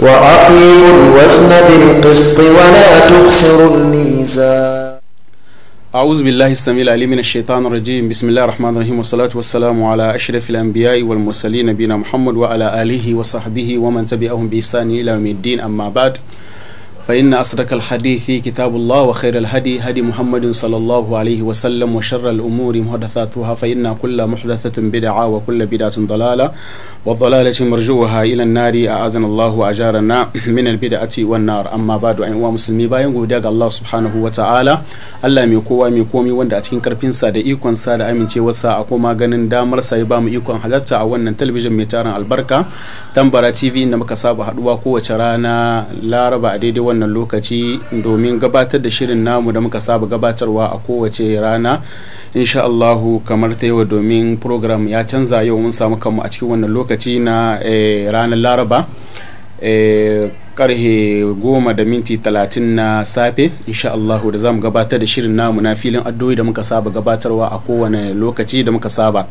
وأقيموا الوزن بالقسط ولا تخسروا الميزان أعوذ بالله السميع العليم من الشيطان الرجيم بسم الله الرحمن الرحيم والصلاة والسلام على أشرف الأنبياء والمرسلين نبينا محمد وعلى آله وصحبه ومن تبعهم بإحسان إلى يوم الدين أما بعد fa inna asdaqal hadithi kitabullah wa khairal hadi hadi muhammadin sallallahu alaihi wa sallam wa sharral umuri muhdathatuha fa inna kulla muhdathatin bid'a wa kulla bid'atin dalala wa dalalati marjuha ila an-nar a'azana Allah wa ajarana min al-bid'ati wan nar amma ba'du ayu wa muslimi bayan godiya ga Allah subhanahu wa ta'ala Allah mai kowa mai komi wanda a cikin karfin sa da ikon sa da amincewar sa a koma ganin damar sa ba mu ikon halatta a wannan talabijin mai taron albarka tambara tv na muka saba haduwa kowace rana laraba a daidai wannan lokaci domin gabatar da shirin namu da muka saba gabatarwa a kowace rana insha Allahu kamar ta yau domin program ya canza yau mun samu kanmu a cikin wannan lokaci na eh, ranar laraba eh, karhe goma da minti talatin na safe insha Allahu da zamu gabatar da shirin namu na filin addu'o'i da muka saba gabatarwa a kowane lokaci da muka saba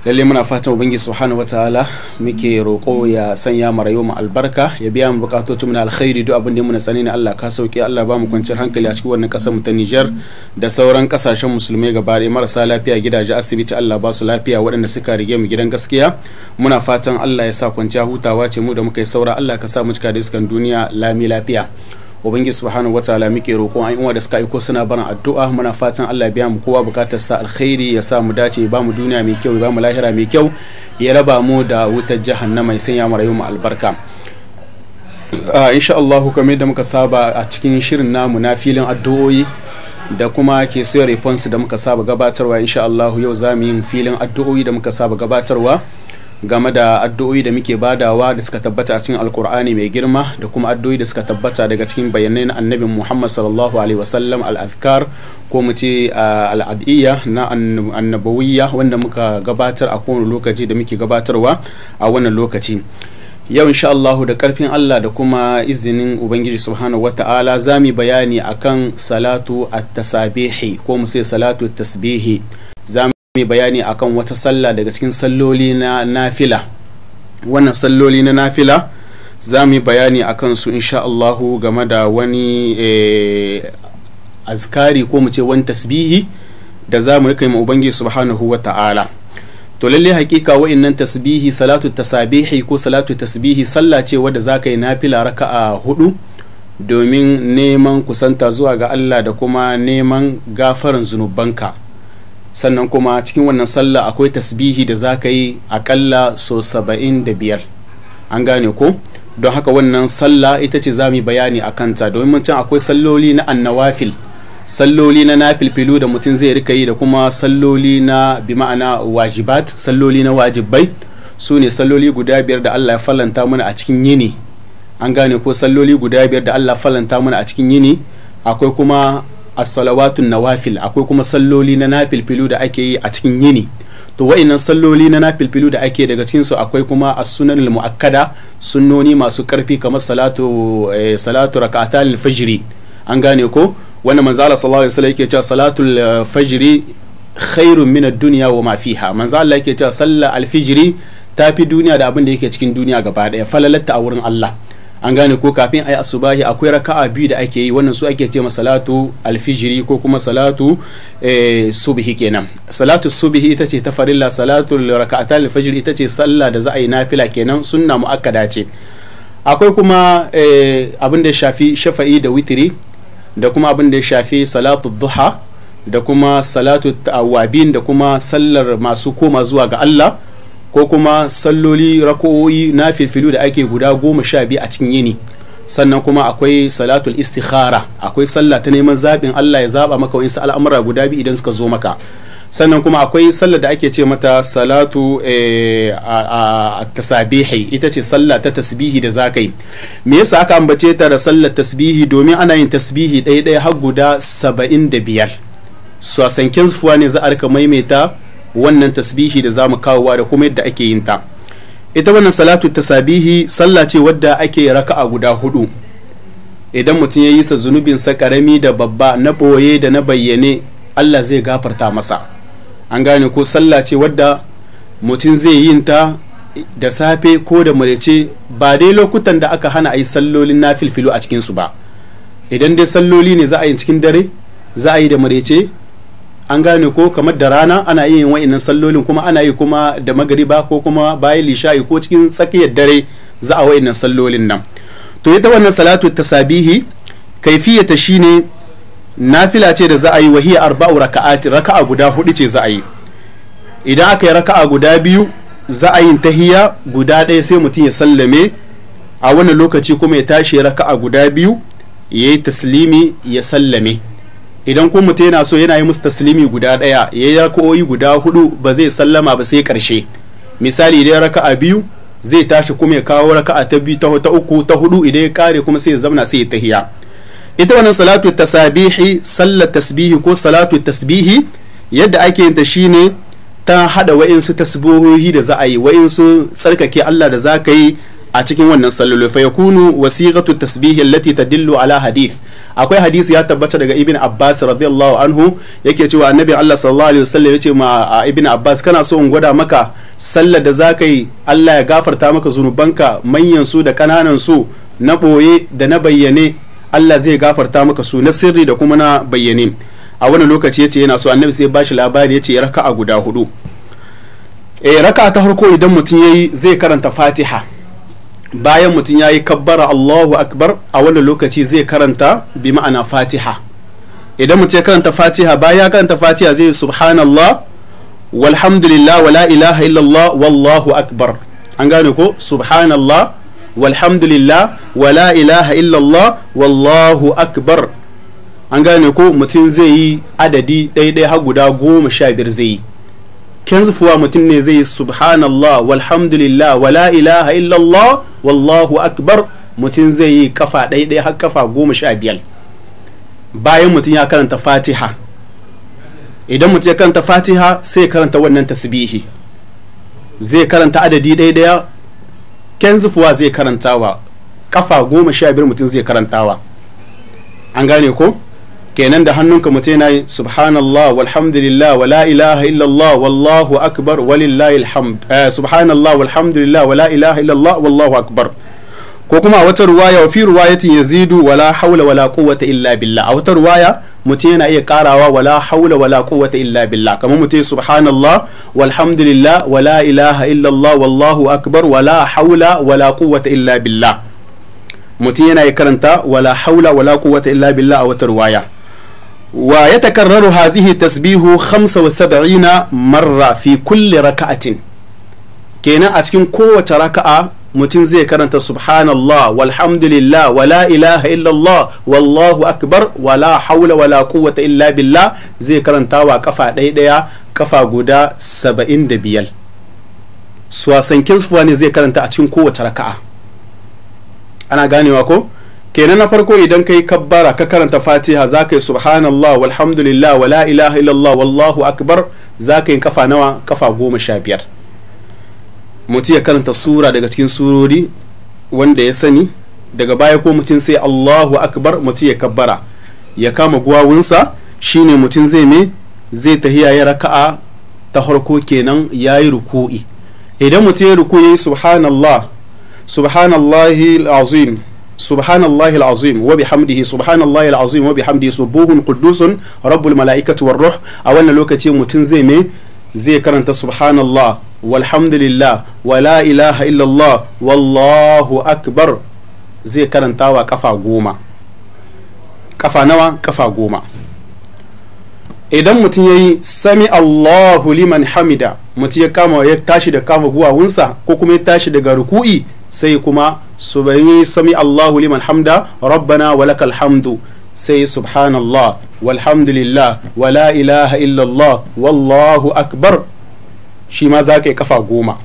lalle muna fatan ubangi subhanahu wataala muke roƙo ya sanya mu rayu mu albarka ya biya mu bukatocin mu na alkhairi duk abin da muna sani ne Allah ka sauke Allah ba mu kwanciyar hankali a cikin wannan kasar mu ta Niger da sauran kasashen musulmai gaba ɗaya marasa lafiya gidaje asibiti Allah ba su lafiya waɗanda suka rige mu gidan gaskiya muna fatan Allah ya sa kwanciya hutawa ce mu da muka yi saura Allah ka sa mu cika da iskan duniya lami lafiya ubangiji subhanahu taala muke rokon an yi da suka aiko suna barin addu'a muna fatan Allah biya mu kowa bukatar sa alkhairi ya sa mu dace ba mu duniya mai kyau ba mu lahira mai kyau ya raba mu da wutar jahannama ya sanya mu rayu mu albarka insha Allah kamar da muka saba a cikin shirin namu na filin addu'o'i da kuma ke sayar response da muka saba gabatarwa insha Allah yau za mu yi filin addu'o'i da muka saba gabatarwa game da addu'o'i da muke badawa da suka tabbata a cikin alkur'ani mai girma da kuma addu'o'i da suka tabbata daga cikin bayanai na annabi muhammad sallallahu alaihi wasallam al-afkar ko mu ce al'adiyya na annabawiyya wanda muka gabatar a kowane lokaci da muke gabatarwa a wannan lokaci yau insha Allahu da karfin Allah da kuma izinin Ubangiji subhanahu wata'ala za mu bayani akan salatu at-tasabihi ko mu ce salatu tasbihi mai bayani akan wata sallah daga cikin salloli na nafila wannan salloli na nafila za mu yi bayani a kansu insha Allahu game da wani eh, azkari ko mu ce wani tasbihi da za mu rika yi ubangi subhanahu wa ta'ala to lalle hakika nan tasbihi salatu tasabihi ko salatu tasbihi sallah ce wadda za ka yi nafila raka a hudu domin neman kusanta zuwa ga Allah da kuma neman gafaran zunubanka sannan kuma cikin wannan sallah akwai tasbihi da za ka yi akalla so saba'in da biyar an gane ko don haka wannan sallah ita ce za mu bayani a kanta domin mun can akwai salloli na annawafil salloli na nafilfilu da mutum zai rika yi da kuma salloli na bi ma'ana wajibat salloli na wajibai su ne salloli guda biyar da allah ya falanta mana a cikin yini an gane ko salloli guda biyar da allah falanta mana a cikin yini akwai kuma as-salawatun nawafil akwai kuma salloli na nafilfilu da ake yi a cikin yini to wa'innan salloli na nafilfilu da ake daga cikin su akwai kuma as-sunanul muakkada sunnoni masu karfi kamar salatu eh, salatu rak'atal fajri an gane ko wannan manzo Allah sallallahu alaihi wasallam yake cewa salatul eh, fajri khairun min ad-dunya wa ma fiha manzo Allah yake cewa sallar al-fajri tafi duniya da abin da yake cikin duniya gaba daya falalatta a wurin Allah an gane ko kafin a yi asubahi akwai raka'a biyu da ake yi wannan su ake ce ma salatu alfijiri ko kuma salatu eh, subhi kenan salatu subhi ita ce ta farilla salatu raka'ata alfijiri ita ce sallah da za a yi nafila kenan sunna muakkada ce akwai kuma eh, abin da shafi shafa'i da witiri da kuma abin da shafi salatu duha da kuma salatu tawabin da kuma sallar masu koma zuwa ga Allah ko kuma salloli rako'o'i na filfilu da ake guda goma sha biyu a cikin yini sannan kuma akwai salatul istikhara akwai sallah ta neman zaɓin Allah ya zaɓa maka wa'insu al'amura guda biyu idan suka zo maka sannan kuma akwai sallar da ake ce mata salatu eh, a tasabihi ita ce sallah ta tasbihi da za me yasa aka ambace ta da sallar tasbihi domin ana yin tasbihi ɗaya ɗaya har guda saba'in da biyar sasankin fuwa ne za a rika maimaita wannan tasbihi da zamu kawowa da kuma yadda ake yin ta ita wannan salatu tasabihi sallah ce wadda ake raka'a guda hudu idan mutum ya yi sa zunubin zunubinsa karami da babba na boye da na bayyane Allah zai gafarta masa an gane ko sallah ce wadda mutum zai yin ta da safe ko da murece ba dai lokutan da aka hana a yi sallolin na filfilo a cikinsu ba idan dai salloli ne za a yi cikin dare za a yi da murece an gane ko kamar da rana ana yin wainnan sallolin kuma ana yi kuma da magariba ko kuma bayan lishayi ko cikin tsakiyar dare za a wa'annan sallolin nan to ita wannan salatu ta tasabihi kaifiyata shine nafila ce da za a yi wahiya arba'u raka'ati raka'a guda hudu ce za a yi idan aka yi raka'a guda biyu za a yi tahiya guda ɗaya sai mutum ya sallame a wannan lokaci kuma ya tashi raka'a guda biyu ya yi taslimi ya sallame idan ko mutum yana so yana yi musu taslimi guda ɗaya ya yi rak'oyi guda hudu ba zai sallama ba sai ƙarshe misali idan raka'a biyu zai tashi kuma ya kawo raka'a ta biyu ta uku ta hudu idan ya kare kuma sai ya zamna sai ya tahiya ita wannan salatu tasabihi sallar tasbihi ko salatu tasbihi yadda ake yin ta shine ta haɗa wa'insu tasbihohi da za a yi wa'insu tsarkake Allah da za ka yi a cikin wannan sallolo fa yakunu wasiqatu tasbih allati tadillu ala hadith akwai hadisi ya tabbata daga ibn abbas radiyallahu anhu yake cewa annabi allah sallallahu alaihi wasallam yace ma ibn abbas kana so in gwada maka sallar da zaka yi allah ya gafarta maka zunubanka manyan su da kananan su na boye da na bayyane allah zai gafarta maka su na sirri da kuma na bayyane a wani lokaci yace yana so annabi sai bashi labari yace raka'a guda hudu eh raka'a ta farko idan mutum yayi zai karanta fatiha bayan mutum ya yi kabbara Allahu akbar a wani lokaci zai karanta bi ma'ana fatiha idan mutum ya karanta fatiha bayan ya karanta fatiha zai subhanallah walhamdulillah wala ilaha illallah wallahu akbar an gane ko subhanallah walhamdulillah wala ilaha illallah wallahu akbar an gane ko mutum zai yi adadi ɗaiɗai har guda goma sha biyar zai yi kenzufuwa mutum ne zai subhanallah walhamdulillah wala ilaha illallah wallahu akbar mutum zai yi kafa ɗaya har kafa goma sha biyar bayan mutum ya karanta fatiha idan mutum ya karanta fatiha sai karanta wannan tasbihi zai karanta adadi ɗaiɗaya kenzufuwa zai karantawa kafa goma sha biyar mutum zai karantawa an gane ko kenan da hannunka mutum yana yi subhanallah walhamdulillah wa la ilaha illallah wallahu akbar walillahi alhamd eh, subhanallah walhamdulillah wa la ilaha illallah wallahu akbar ko kuma a wata ruwaya wa fi ruwayatin yazidu wala haula wala quwwata illa billah a wata ruwaya mutum yana iya karawa wala haula wala quwwata illa billah kamar mutum subhanallah walhamdulillah wala ilaha illallah wallahu akbar wala haula wala quwwata illa billah mutum yana iya karanta wala haula wala quwwata illa billah a wata ruwaya wa ya takarraru hazihi tasbihu saba'ina marra fi kulli raka'atin kenan a cikin kowace raka'a mutum zai karanta subhanallah walhamdulillah wala ilaha illallah wallahu akbar wala haula wala quwwata illa billah zai karanta wa kafa ɗaya kafa guda 75 suwasan kisfuwa wani zai karanta a cikin kowace raka'a ana ganewa ko kenan na farko idan kai kabbara ka karanta fatiha za ka yi subhanallah walhamdulillah wala ilaha illallah wallahu akbar za ka yi kafa nawa kafa goma sha biyar mutum ya karanta sura daga cikin surori wanda ya sani daga baya ko mutum sai allahu akbar mutum ya kabbara ya kama guwawunsa shine mutum zai me zai ta ya raka'a ta harko kenan ya yi ruku'i idan mutu ya ruku'i subhanallah subhanallah azim سبحان الله العظيم وبحمده سبحان الله العظيم وبحمده سبوه قدوس rabbul malaikati والروح أولا a wannan lokaci mutum zai ne zai karanta subhanallah walhamdulillah wa la illallah wallahu akbar zai karanta kafa goma kafa kafa idan mutum ya yi sami Allahu liman hamida mutum ya kama ya tashi da kama wunsa ko kuma ya tashi daga ruku'i sai kuma subayi sami Allahu liman hamda rabbana walakal hamdu sai subhanallah walhamdulillah wala ilaha illallah wallahu akbar shi ma za ka yi kafa goma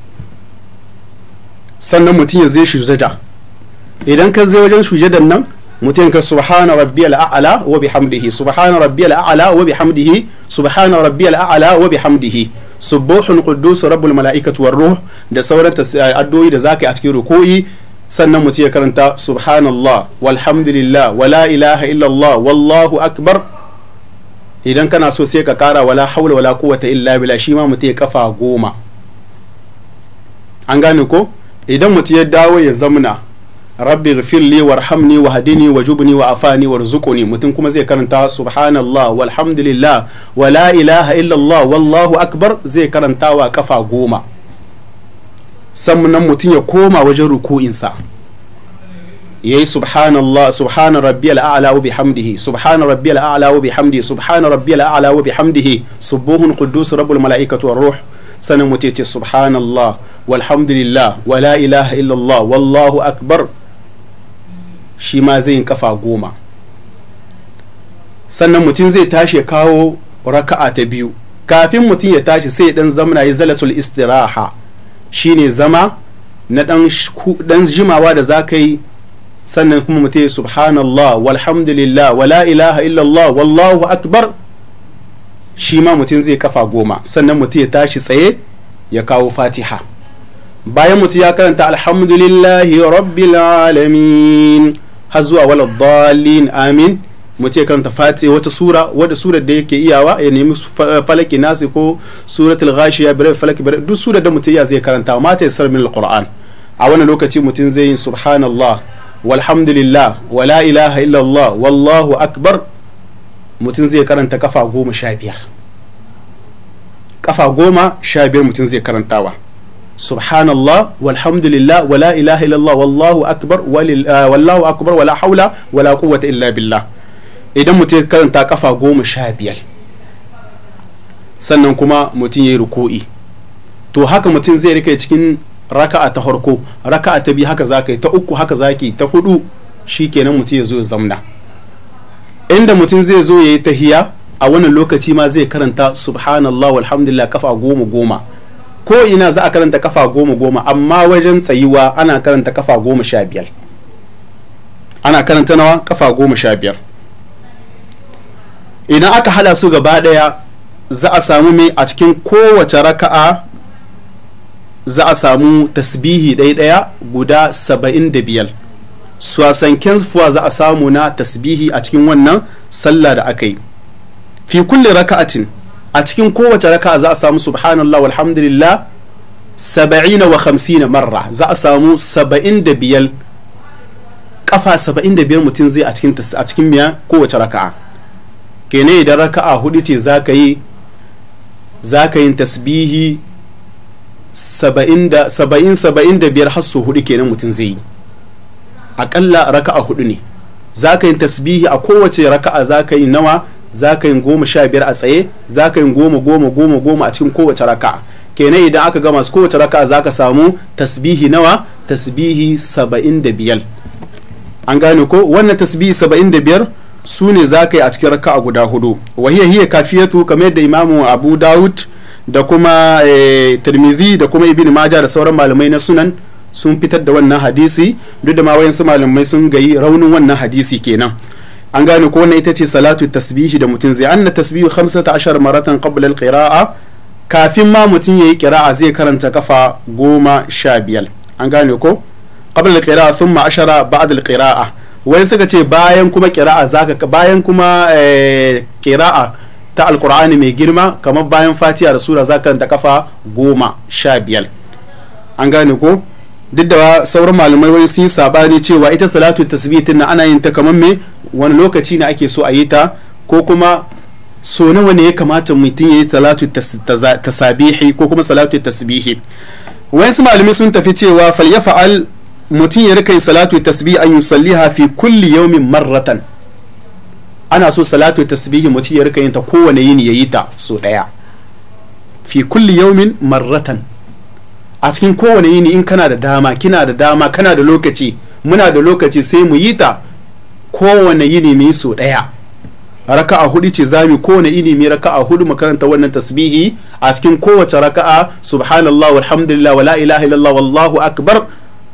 sannan mutum ya zai sujada idan ka zai wajen da nan mutum ka subhana rabbiyal a'la wa bihamdihi subhana rabbiyal a'la wa bihamdihi subhana rabbiyal a'la wa bihamdihi subuhun quddus rabbul mala'ikatu war ruh da sauran addu'o'i da zaka yi a cikin ruku'i sannan mutum ya karanta subhanallah walhamdulillah wala ilaha illallah wallahu akbar idan kana so sai ka kara wala haula wala quwwata illa billah shi ma mu ya kafa goma an gane ko idan mu ya dawo ya zamna rabbi ghfirli warhamni wahdini wajubni wa afani warzuqni mutum kuma zai karanta subhanallah walhamdulillah wala ilaha illallah wallahu akbar zai karanta wa kafa goma sannan mutum ya koma wajen ruku'insa ya yi subhanallah subhana rabbiyal a'la wa bihamdihi subhana rabbi al'ala wa bihamdihi subhana rabbi al'ala wa bihamdihi subuhun quddus rabbul malaikatu war ruh sannan mutum ce subhanallah walhamdulillah wa la ilaha illallah wallahu akbar shi ma zai yin kafa goma sannan mutum zai tashi kawo raka'a ta biyu kafin mutum ya tashi sai dan zamana ya zalatul istiraha shine zama na dan jimawa da za ka yi sannan kuma mutum ya subhanallah walhamdulillah wala ilaha illallah wallahu akbar shi ma mutum zai kafa goma sannan mutum ya tashi tsaye ya kawo fatiha bayan mutum ya karanta alhamdulillahi rabbil alamin har zuwa amin mu ya karanta fati wata sura wadda sura da yake iyawa ya nemi eh, falaki nasi ko suratul ghashiya bare falaki bare duk sura da mutum ya zai karanta ma ta yasar min alquran a wannan lokaci mutum zai yi subhanallah walhamdulillah wa la ilaha illallah wallahu akbar mutum zai karanta kafa goma sha biyar kafa goma sha biyar mutum zai karantawa subhanallah walhamdulillah wa la ilaha illallah wallahu akbar eh, wallahu akbar wala haula wala quwwata illa billah idan mutum ya karanta kafa goma sha biyar sannan kuma mutum ya yi ruku'i to haka mutum zai rika cikin raka'a ta harko, raka'a ta biyu haka za ka yi ta uku haka za ka yi ta hudu kenan mutum ya zo zamna inda mutum zai zo ya yi tahiya a wannan lokaci ma zai karanta subhanallah walhamdulillah kafa goma goma ko ina za a karanta kafa goma goma amma wajen tsayuwa ana karanta kafa goma sha biyar ana karanta nawa kafa goma sha biyar idan aka hala su gaba daya za a samu mai a cikin kowace raka'a za a samu tasbihi ɗaya-ɗaya guda saba'in da biyar suwasan fuwa za a samu na tasbihi a cikin wannan sallah da aka yi fi kulle raka'atin a cikin kowace raka'a za a samu subhanallah walhamdulillah saba'ina wa hamsina marra za a samu saba'in da biyar kafa saba'in da biyar mutum zai a cikin miya kowace raka'a kene idan raka'a hudu ce za ka yi za ka yi tasbihi saba'in saba'in da biyar hasso hudu kenan mutum zai yi aƙalla raka'a hudu ne za ka yi tasbihi a kowace raka'a za ka yi nawa za ka yi goma sha biyar a tsaye za ka yi goma goma goma goma a cikin kowace raka'a kenan idan aka gama su kowace raka'a za ka samu tasbihi nawa tasbihi saba'in da biyar an gane ko wannan tasbihi saba'in da biyar su ne za ka yi a cikin raka a guda hudu wa hiya kafiyatu kamar da imamu abu dawud da kuma eh, tirmizi da kuma ibn maja da sauran malamai na sunan sun fitar da wannan hadisi duk da ma wayansu malamai sun gayi raunin wannan hadisi kenan an gane ko wannan ita ce salatu tasbihi da mutum zai anna tasbihu 15 maratan qabla al kafin ma mutum ya yi qira'a zai karanta kafa goma sha biyar an gane ko qabla al-qira'a thumma ashara ba'da al wai suka ce bayan kuma kira'a zaka bayan kuma kira'a eh, ta alkur'ani mai girma kamar bayan fatiha da sura zaka ta kafa goma sha biyar an gane ko duk da sauran malamai wani sun sabani cewa ita salatu tasbitin na ana yin ta kamar me wani lokaci ne ake so a yi ta ko kuma so nawa ne ya kamata mutum ya yi salatu tasabihi ko kuma salatu tasbihi wayansu malamai sun tafi cewa falyafa'al mutum ya rika yin salatu tasbih an yusalliha fi kulli yawmin marratan ana so salatu tasbihi mutum ya rika yin ta kowane yini yayi ta so daya fi kulli yawmin marratan a cikin kowane yini in kana da dama kina da dama kana da lokaci muna da lokaci sai mu yi ta kowane yini mu yi so daya raka'a hudu ce mu kowane yini mu raka'a hudu makaranta wannan tasbihi a cikin kowace raka'a subhanallah walhamdulillah wala ilaha illallah wallahu akbar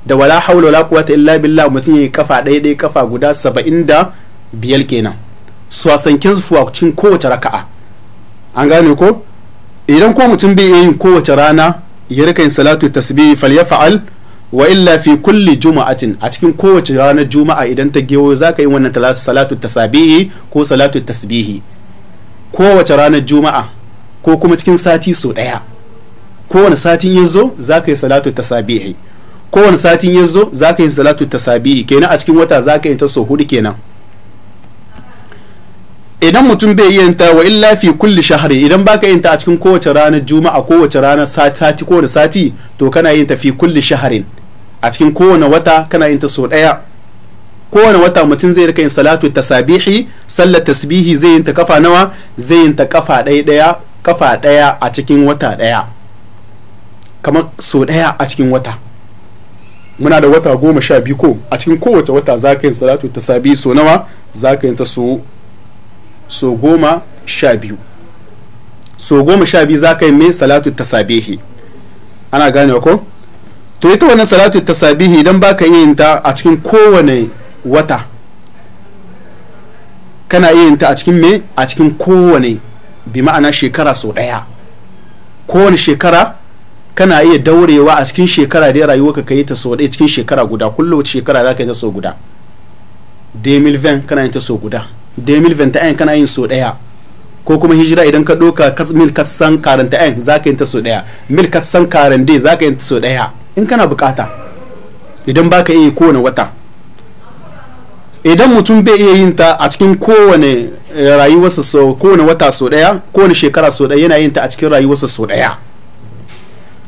da wala haula wala quwwata illa billah mutum yayi kafa ɗaya ɗaya kafa guda saba'in da biyar kenan Su swasanken fuwa cikin kowace raka'a an gane ko idan ko mutum bai yin kowace rana ya rika yin salatu tasbihi falyafa'al wa illa fi kulli juma'atin a cikin kowace ranar juma'a idan ta gewo zaka yi wannan salatu tasabihi ko salatu tasbihi kowace ranar juma'a ko kuma cikin sati sau ɗaya kowane satin ya zo za ka yi salatu tasabihi kowane satin ya zo za ka yi salatu ta tasabi'i kenan a cikin wata za ka yi ta so hudu kenan idan mutum bai yin ta wa illa fi kulli shahri idan baka yin ta a cikin kowace ranar juma'a kowace ranar sati kowane sati to kana yin ta fi kulli shahari a cikin kowane wata kana yin ta so daya kowane wata mutum zai rika yin salatu tasabihi sallar tasbihi zai yin ta kafa nawa zai yin ta kafa daya daya kafa daya a cikin wata daya kamar so daya a cikin wata muna da wata goma sha biyu ko a cikin kowace wata za ka yi salatu ta sabi so nawa za ka yi ta so so goma sha biyu so goma sha biyu za ka yi mai salatu ta sabihi ana gane ko to ita wannan salatu ta sabihi idan ba ka yin ta a cikin kowane wata kana yin ta a cikin me a cikin kowane bi ma'ana shekara so ɗaya kowane shekara kana iya daurewa a cikin shekara da rayuwa ka yi ta sau ɗaya cikin shekara guda kullum wata shekara za ka yi ta sau guda 2020 kana yin ta sau guda ta 2021 kana yin sau ɗaya ko kuma hijira idan ka ɗauka mil ka san karin ta yan za ka yi ta sau ɗaya mil ka san karin dai za ka yi ta sau ɗaya in kana bukata idan ba ka iya kowane wata idan mutum bai iya yin ta a cikin kowane eh, rayuwarsa sau kowane wata sau ɗaya kowane shekara sau ɗaya yana yin ta a cikin rayuwarsa sau ɗaya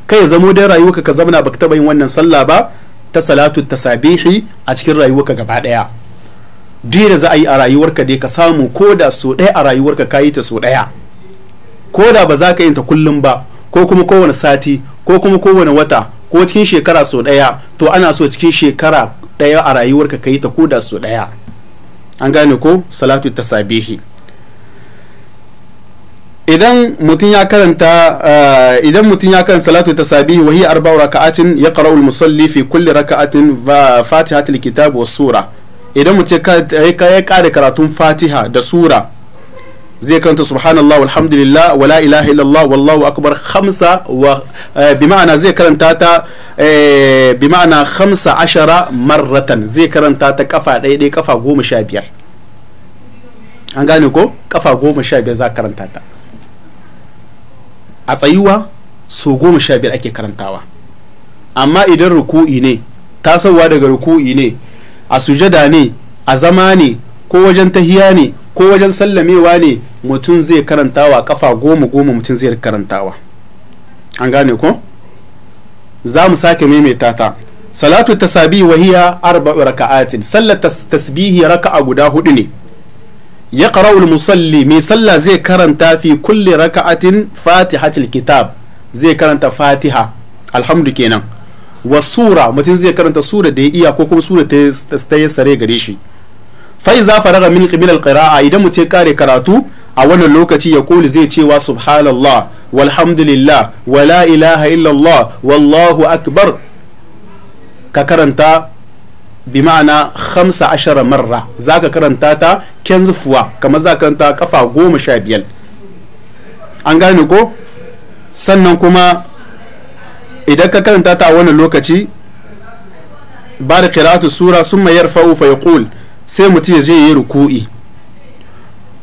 kai ya zamo dai rayuwarka ka zamana baka taba yin wannan sallah ba ta salatu tasabihi a cikin rayuwarka gaba daya duk da za a yi a rayuwarka dai ka samu ko da so ɗaya a rayuwarka ka yi ta so ɗaya ko da ba za ka yi ta kullum ba ko kuma kowane sati ko kuma kowane wata ko cikin shekara so ɗaya to ana so cikin shekara ɗaya a rayuwarka ka yi ta ko da so ɗaya an gane ko salatu tasabihi idan mutum ya karanta eh, idan mutum ya karanta salatu ta sabi wa hiya arba'u raka'atin ya qara'u al-musalli fi kulli raka'atin fatihatul kitab wa sura idan mutum ya kare karatun fatiha da sura zai karanta subhanallah walhamdulillah wala ilaha illallah wallahu akbar khamsa wa eh, bi ma'ana zai karanta ta eh, bi ma'ana khamsa ashara marratan zai karanta ta kafa ɗaya ɗaya kafa goma sha biyar an gane ko kafa goma sha biyar za karanta ta a tsayuwa so goma sha biyar ake karantawa amma idan ruku'i ne tasowa daga ruku'i ne a sujada ne a zama ne ko wajen tahiya ne ko wajen sallamewa ne mutum zai karantawa kafa goma goma mutum zai karantawa an gane ko za mu sake maimaita ta salatu tasabi wahiya arba raka'atin sallar tasbihi raka'a guda hudu ne ya qara'ul musalli mai sallah zai karanta fi kulli raka'atin fatihatil kitab zai karanta fatiha alhamdu kenan wa sura mutum zai karanta sura da ya iya ko kuma sura ta ya sare gare shi fai iza faraga min qibil idan mu ce kare karatu a wannan lokaci ya koli zai cewa subhanallah walhamdulillah wala la ilaha illallah wallahu akbar ka karanta bi ma'ana hamsa ashara marra za ka karanta ta kenzufuwa kamar za ka karanta kafa goma sha biyar an gane ko sannan kuma idan ka karanta ta a wannan lokaci ba da kiratu sura sun mayar ufa, ya kul sai mutum ya je yi ruku'i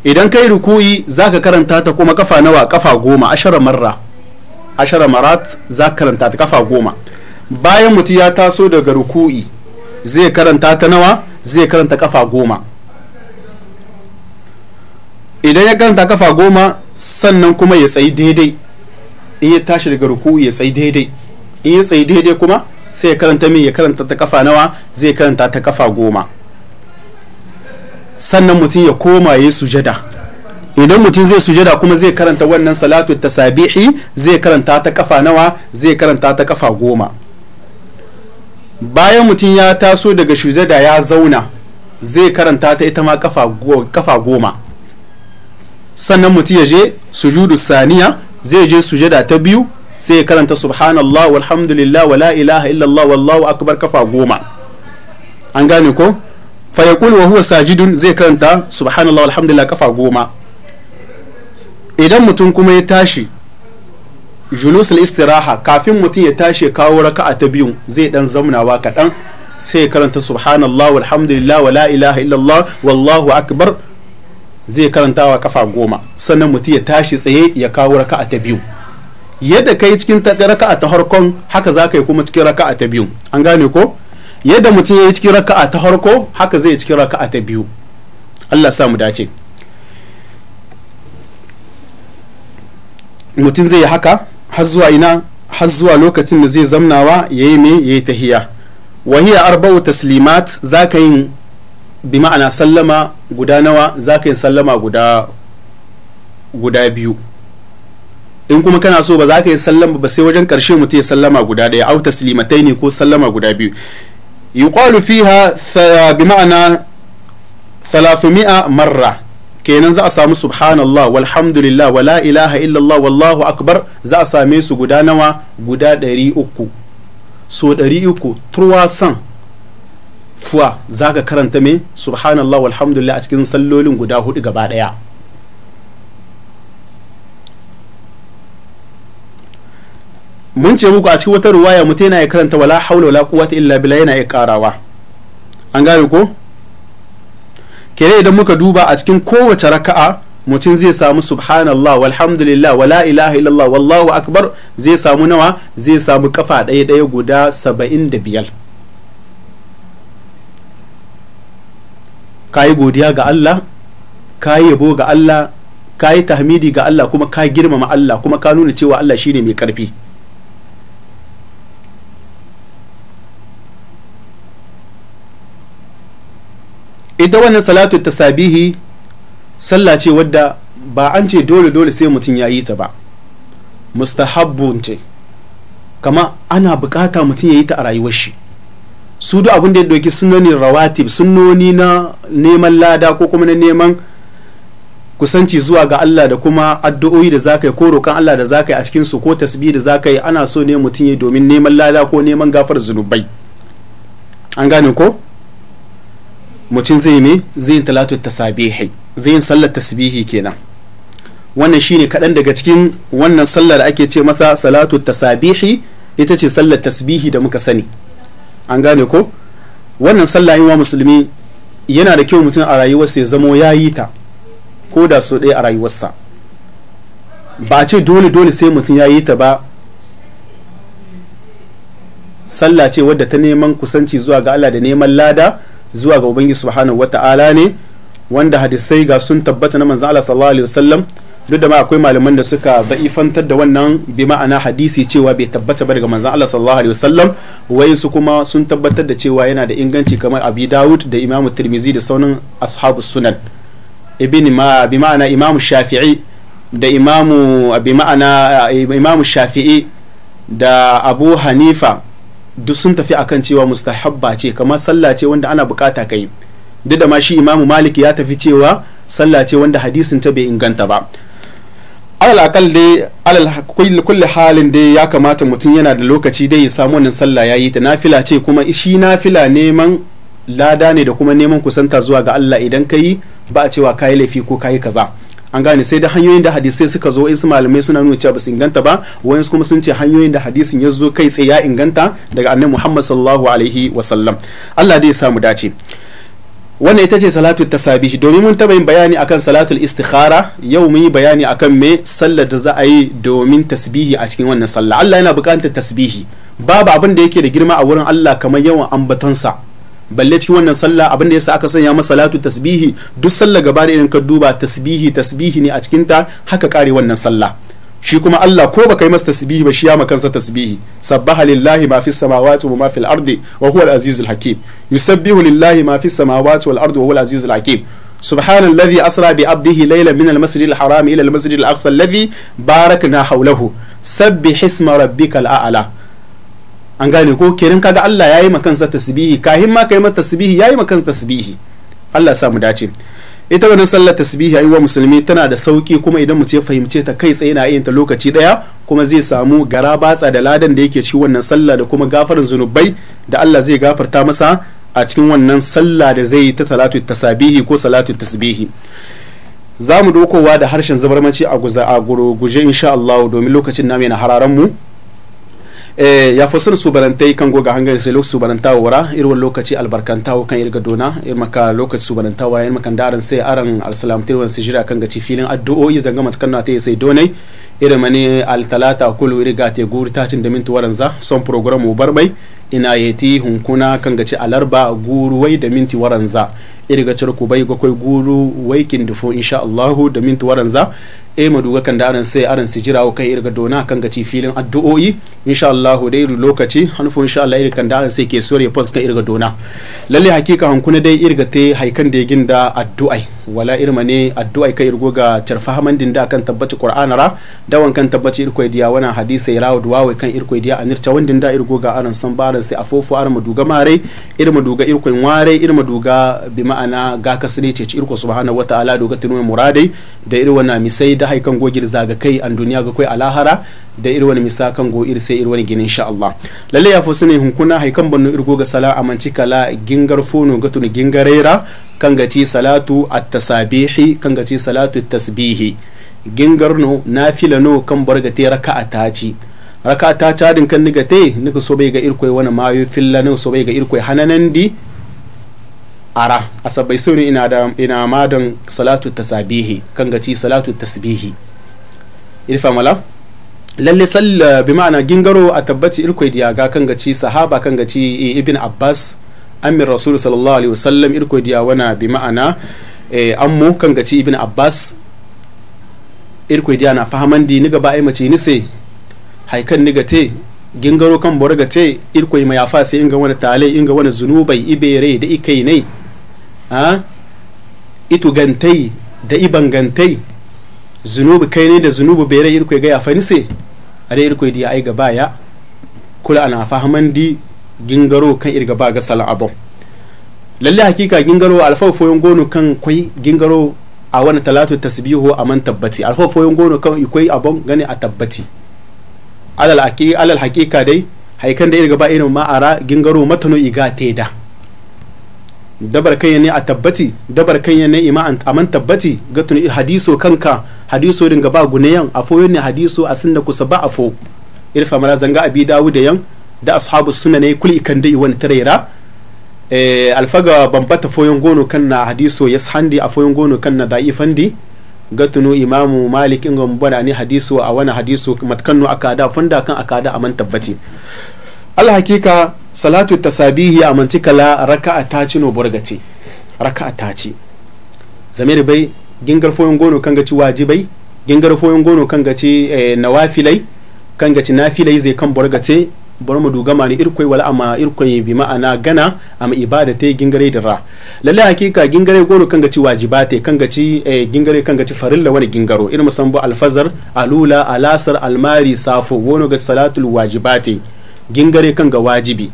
idan ka yi ruku'i za ka karanta ta kuma kafa nawa kafa goma ashara marra ashara marat za ka karanta ta kafa goma bayan mutum ya taso daga ruku'i zai karanta ta nawa zai karanta kafa goma idan ya karanta kafa goma sannan kuma ya tsayi daidai in ya tashi daga ruku ya tsayi daidai in ya tsayi daidai kuma sai ya karanta min ya karanta ta kafa nawa zai karanta ta kafa goma sannan mutum ya koma ya sujada idan mutum zai sujada kuma zai karanta wannan salatu sabihi zai karanta ta kafa nawa zai karanta ta kafa goma bayan mutum ya taso daga da ya zauna zai karanta ta ita ma kafa goma sannan mutum ya je sujudu saniya zai je sujada ta biyu sai ya karanta subhanallah walhamdulillah wala ilaha illallah wallahu akbar kafa goma an gane ko fa wa huwa sajidun zai karanta subhanallah walhamdulillah kafa goma idan mutum kuma ya tashi julusul istiraha kafin mutum ya tashi kawo raka'a ta biyu zai dan zamnawa kaɗan sai karanta subhanallah walhamdulillah wa ilaha illallah wallahu akbar zai karanta wa kafa goma sannan mutum ya tashi tsaye ya kawo raka'a ta biyu yadda kai cikin raka'a ta harkon haka za ka yi kuma cikin raka'a ta biyu an gane ko yadda mutum ya yi cikin raka'a ta harko haka zai cikin raka'a ta biyu Allah sa mu dace mutum zai yi haka har zuwa ina har zuwa lokacin da zai zamnawa ya yi me ya yi tahiya wahiya arba'u taslimat za ka yin bi ma'ana sallama guda nawa za ka yin sallama guda guda biyu in kuma kana so ba za ka yi sallama ba sai wajen karshe mutum ya sallama guda daya au taslimatai ne ko sallama guda biyu yuqalu fiha bi ma'ana 300 marra kenan za a samu subhanallah walhamdulillah wala ilaha illallah wallahu akbar za a same su guda nawa guda ɗari uku so ɗari uku turwasan fuwa za ka karanta mai subhanallah walhamdulillah a cikin sallolin guda hudu gaba ɗaya mun ce muku a cikin wata ruwaya mutum yana ya karanta wala haula wala quwwata illa billah yana ya karawa an gane ko kere idan muka duba a cikin kowace raka'a mutum zai samu subhanallah walhamdulillah wala ilaha illallah wallahu akbar zai samu nawa zai samu kafa ɗaya ɗaya guda saba'in da biyar ka yi godiya ga Allah ka yi yabo ga Allah ka yi tahmidi ga Allah kuma ka girmama Allah kuma ka nuna cewa Allah shine mai karfi ita wannan salatu tasabihi sallah ce wadda ba an ce dole dole sai mutum ya yi ta ba mustahabbun ce kama ana bukata mutum ya yi ta a rayuwar shi su duk abin da ya doki sunonin rawatib sunoni na neman lada ko kuma na neman kusanci zuwa ga Allah da kuma addu'o'i da zaka yi ko roƙon Allah da zaka yi a cikin su ko tasbih da zaka yi ana so ne mutum ya domin neman lada ko neman gafar zunubai an gane ko mutum zai me zai yin talatu tasabihi zai yin sallar tasbihi kenan wannan shine kaɗan daga cikin wannan sallar da ake ce masa salatu tasabihi ita ce sallar tasbihi da muka sani an gane ko wannan sallah yin wa musulmi yana da kyau mutum a rayuwarsa ya zamo ya yi ta ko da so ɗaya a rayuwarsa ba a ce dole dole sai mutum ya yi ta ba sallah ce wadda ta neman kusanci zuwa ga Allah da neman lada zuwa ga ubangi subhanahu wata'ala ne wanda hadisai ga sun tabbata na manzo Allah sallallahu alaihi wasallam duk da ma akwai malaman da suka da'ifantar da wannan bi ma'ana hadisi cewa bai tabbata ba daga manzo Allah sallallahu alaihi wasallam wai su kuma sun tabbatar da cewa yana da inganci kamar Abi Dawud da Imam Tirmizi da sauran ashabus sunan ibn ma bi ma'ana Imam Shafi'i da Imam bi ma'ana Imam Shafi'i da Abu Hanifa duk sun tafi akan cewa mustahabba ce kamar sallah ce wanda ana bukata kai duk da ma shi imamu malik ya tafi cewa sallah ce wanda hadisin ta bai inganta ba alal akal dai alal kulli halin dai ya kamata mutum yana da lokaci dai ya samu wannan sallah yayi ta nafila ce kuma shi nafila neman lada ne da kuma neman kusanta zuwa ga Allah idan kayi ba a cewa kayi laifi ko kayi kaza an gane sai da hanyoyin da hadisai suka zo wasu malamai suna nuna cewa ba su inganta ba wayan kuma sun ce hanyoyin da hadisin ya zo kai tsaye ya inganta daga annabi Muhammad sallallahu alaihi wa sallam. Allah dai ya samu dace wannan ita ce salatu tasabihi domin mun taba yin bayani akan salatul istikhara yau mun yi bayani akan me sallar da za a yi domin tasbihi a cikin wannan sallah Allah yana buƙatar tasbihi babu abin da yake da girma a wurin Allah kamar yawan ambatonsa balle cikin wannan sallah abin da yasa aka sanya masa salatu tasbihi duk sallah gaba da idan ka duba tasbihi tasbihi ne a cikin ta haka kare wannan sallah shi kuma Allah ko baka yi masa tasbihi ba shi ya makansa tasbihi sabbaha lillahi ma fis samawati wa ma fil ardi wa huwa al azizul hakim yusabbihu lillahi ma fis samawati wal ardi wa huwa al azizul hakim سبحان الذي أسرى بعبده ليلا من المسجد الحرام إلى المسجد الأقصى الذي باركنا حوله سبح اسم ربك الأعلى an gane ko kenan kaga Allah yayi ma kansa tasbihi kahin ma kai mata tasbihi yayi ma kansa tasbihi Allah sa mu dace ita wannan sallar tasbihi ayuwa musulmi tana da sauki kuma idan mu ce fahimce ta kai tsaye na yin ta lokaci daya kuma zai samu gara batsa da ladan da yake ci wannan sallah da kuma gafarin zunubai da Allah zai gafarta masa a cikin wannan sallah da zai yi ta salatu tasabihi ko salatu tasbihi za mu dokowa da harshen zabarmaci a guje insha Allah domin lokacin namu yana hararan mu eh, ya fosin subarantai kan goga hangar sai lokaci subaranta wara irwa lokaci albarkanta kan irga dona ir maka lokaci subaranta wara ir makan aran sai aran alsalam tirwan su jira kan gaci filin addu'o'i zanga matakan na ta sai donai irin mani altalata kulu irga te guri tacin da mintu waranza son program barbai ina yeti hunkuna kan gaci alarba guruwai da minti waranza iri ga cirku bai ga guru waikin dufo insha Allahu da min waranza e eh, maduga kan da aran sai aran si jira kai irga dona kan ci filin addu'o'i insha Allahu dai lokaci hanfu insha Allah irga kan da aran sai ke sore fons kan irga dona lalle hakika hankuna dai irga te haikan da da addu'ai wala irma ne addu'a kai irgo ga tarfa hamandin da kan tabbaci qur'ana ra dawan kan tabbaci irko diya wana hadisi rawo kan irko diya anirta wandin da irgo ga aran san baran sai ar mu duga mare irma duga irko ware irma duga bi ma'ana ga kasne ce irko subhanahu wataala duga tinu muradai da irwa na misai da haikan gogir zaga kai an duniya ga kai alahara da irwan misa kan go ir sai irwan ginin insha Allah lalle ya fo ne hunkuna haikan banu irgo ga sala amanci kala gingar fono gatun gingarera Kan gaci salatu at-tasabihi gaci salatu at-tasbihi gingarno nafila no kan bargate raka'a ta ci raka ta cadin kan niga te nika so bai ga irkoi wani mayo filla nika so bai ga irkoi hananan di ara asabai sunu ina da ina madan salatu tasabihi kan gaci salatu tasbihi irfa mala lalle salla bi ma'ana gingaro a tabbaci irkoi diyaga kan gaci sahaba kan gaci eh, ibn abbas amin rasul sallallahu alaihi wasallam irko diya wana bi ma'ana eh, ammu kan gaci ibn abbas irko diya na fahaman di niga ba ai mace ni se haikan niga te gingaro kan borga te irko mai ya fasa inga wani tale inga wani zunubai ibere da ikai ne ha itu gantai da iban gantai zunubi kai ne da zunubi bere irko ga ya fa ni se a irko diya ai gaba ya kula ana fahaman di gingaro kan irga ba ga sala abon lalle hakika gingaro alfawo foyon gono kan kwai gingaro a wani talatu tasbihu a man tabbati alfawo foyon gono kan ikwai abon gani a tabbati alal hakika dai haikan da irga ba irin ma'ara gingaro matano iga teda dabar kanya ne a tabbati dabar kanya ne ima a man tabbati ga hadiso kanka hadiso din gaba guneyan a foyon ne hadiso a sun da kusa ba a fo irfa mara zanga abi dawu da yan da ashabu suna ne kuli ikan da wani tarayra eh, alfaga bambata foyon gono kan na hadiso yas handi a foyon gono kan na da'ifandi gatuno imamu malik inga mbana ne hadiso a wani hadiso matkanno akada funda kan akada aman tabbati al hakika salatu tasabihi amanci kala raka'a ta ci no burgati raka'a ta ci zamir bai gingar foyon gono kan gaci wajibai gingar foyon gono eh, kan gaci nawafilai kan gaci nafilai zai kan burgate bari mu dugama ne irkoi wala amma irkoi bi ma'ana gana ama ibada te gingare da ra lalle hakika gingare gono kanga ci wajibate kanga ci eh, gingare kanga ci farilla wani gingaro irin bu alfazar alula alasar almari safo gono ga salatul wajibate gingare kanga wajibi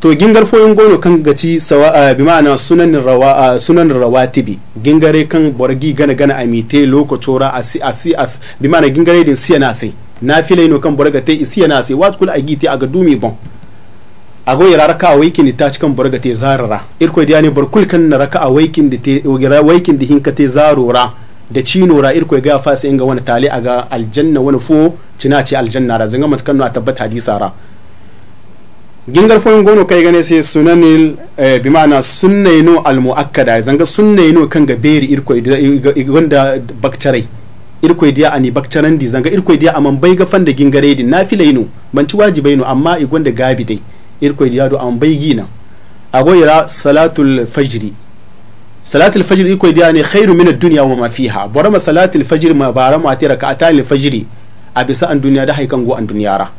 to gingar foyin gono kan gaci eh, bi ma'ana sunanin rawa eh, sunan rawatibi gingare kan borgi gana gana amite ra asi asi as bi ma'ana gingare din siya na sai na filai no kan borga te isi yana se wat kul agiti aga dumi bon ago yara raka awaikin ta cikan borga te zarara irko diya ne barkul kan na raka awaikin da te waikin da hinka te zarora da cinora irko ga fa sai ga wani tali aga aljanna wani fo cina ce aljanna ra zanga mat kanu a tabbata hadisa ra gingar foyin gono kai gane sai sunanil eh, bi ma'ana sunnaino al muakkada zanga sunnaino kan ga beri irko wanda baktarai diya a ani bakcanan di zanga irkoy dia aman bai ga fanda gingare di nafila ino manci wajibai no amma igon da gabi dai irkoy diya do aman bai gina agoyira salatul fajri salatul fajr irkoy diya ne khairu min ad-dunya wa ma fiha ma salatul fajr ma bara ma tira ka atal fajri a bisa an duniya da haikan go an duniyara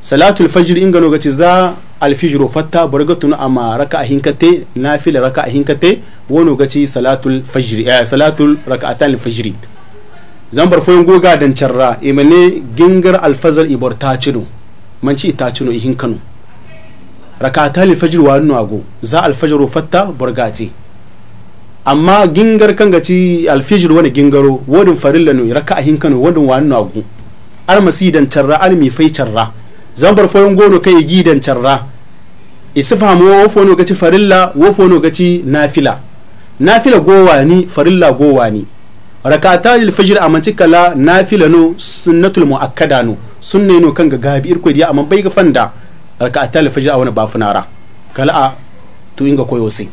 salatul fajr inga ga ci za alfijiro fatta borga tunu ma raka a hinkate fila raka a hinkate wono gaci salatul fajri eh salatul raka'atan fajri zambar foyin goga dan charra imane e gingar alfazar ibor ta cino ci ita cino ihin kano rakata li fajr wa nuwago za alfajr fatta borgati amma gingar kan gaci alfajr wani gingaro wodin farilla no raka a kano wodin wa nuwago almasi dan charra almi fai charra zambar foyin gono kai dan charra e isfahamu wo fono gaci farilla wo fono gaci nafila nafila gowa ni farilla gowa ni rakata il fajr mace kala nafila no sunnatul muakkada no sunne no kan ga gabi irko diya amma bai ga fanda rakata il fajr a wani ba funara kala a to inga koyo sai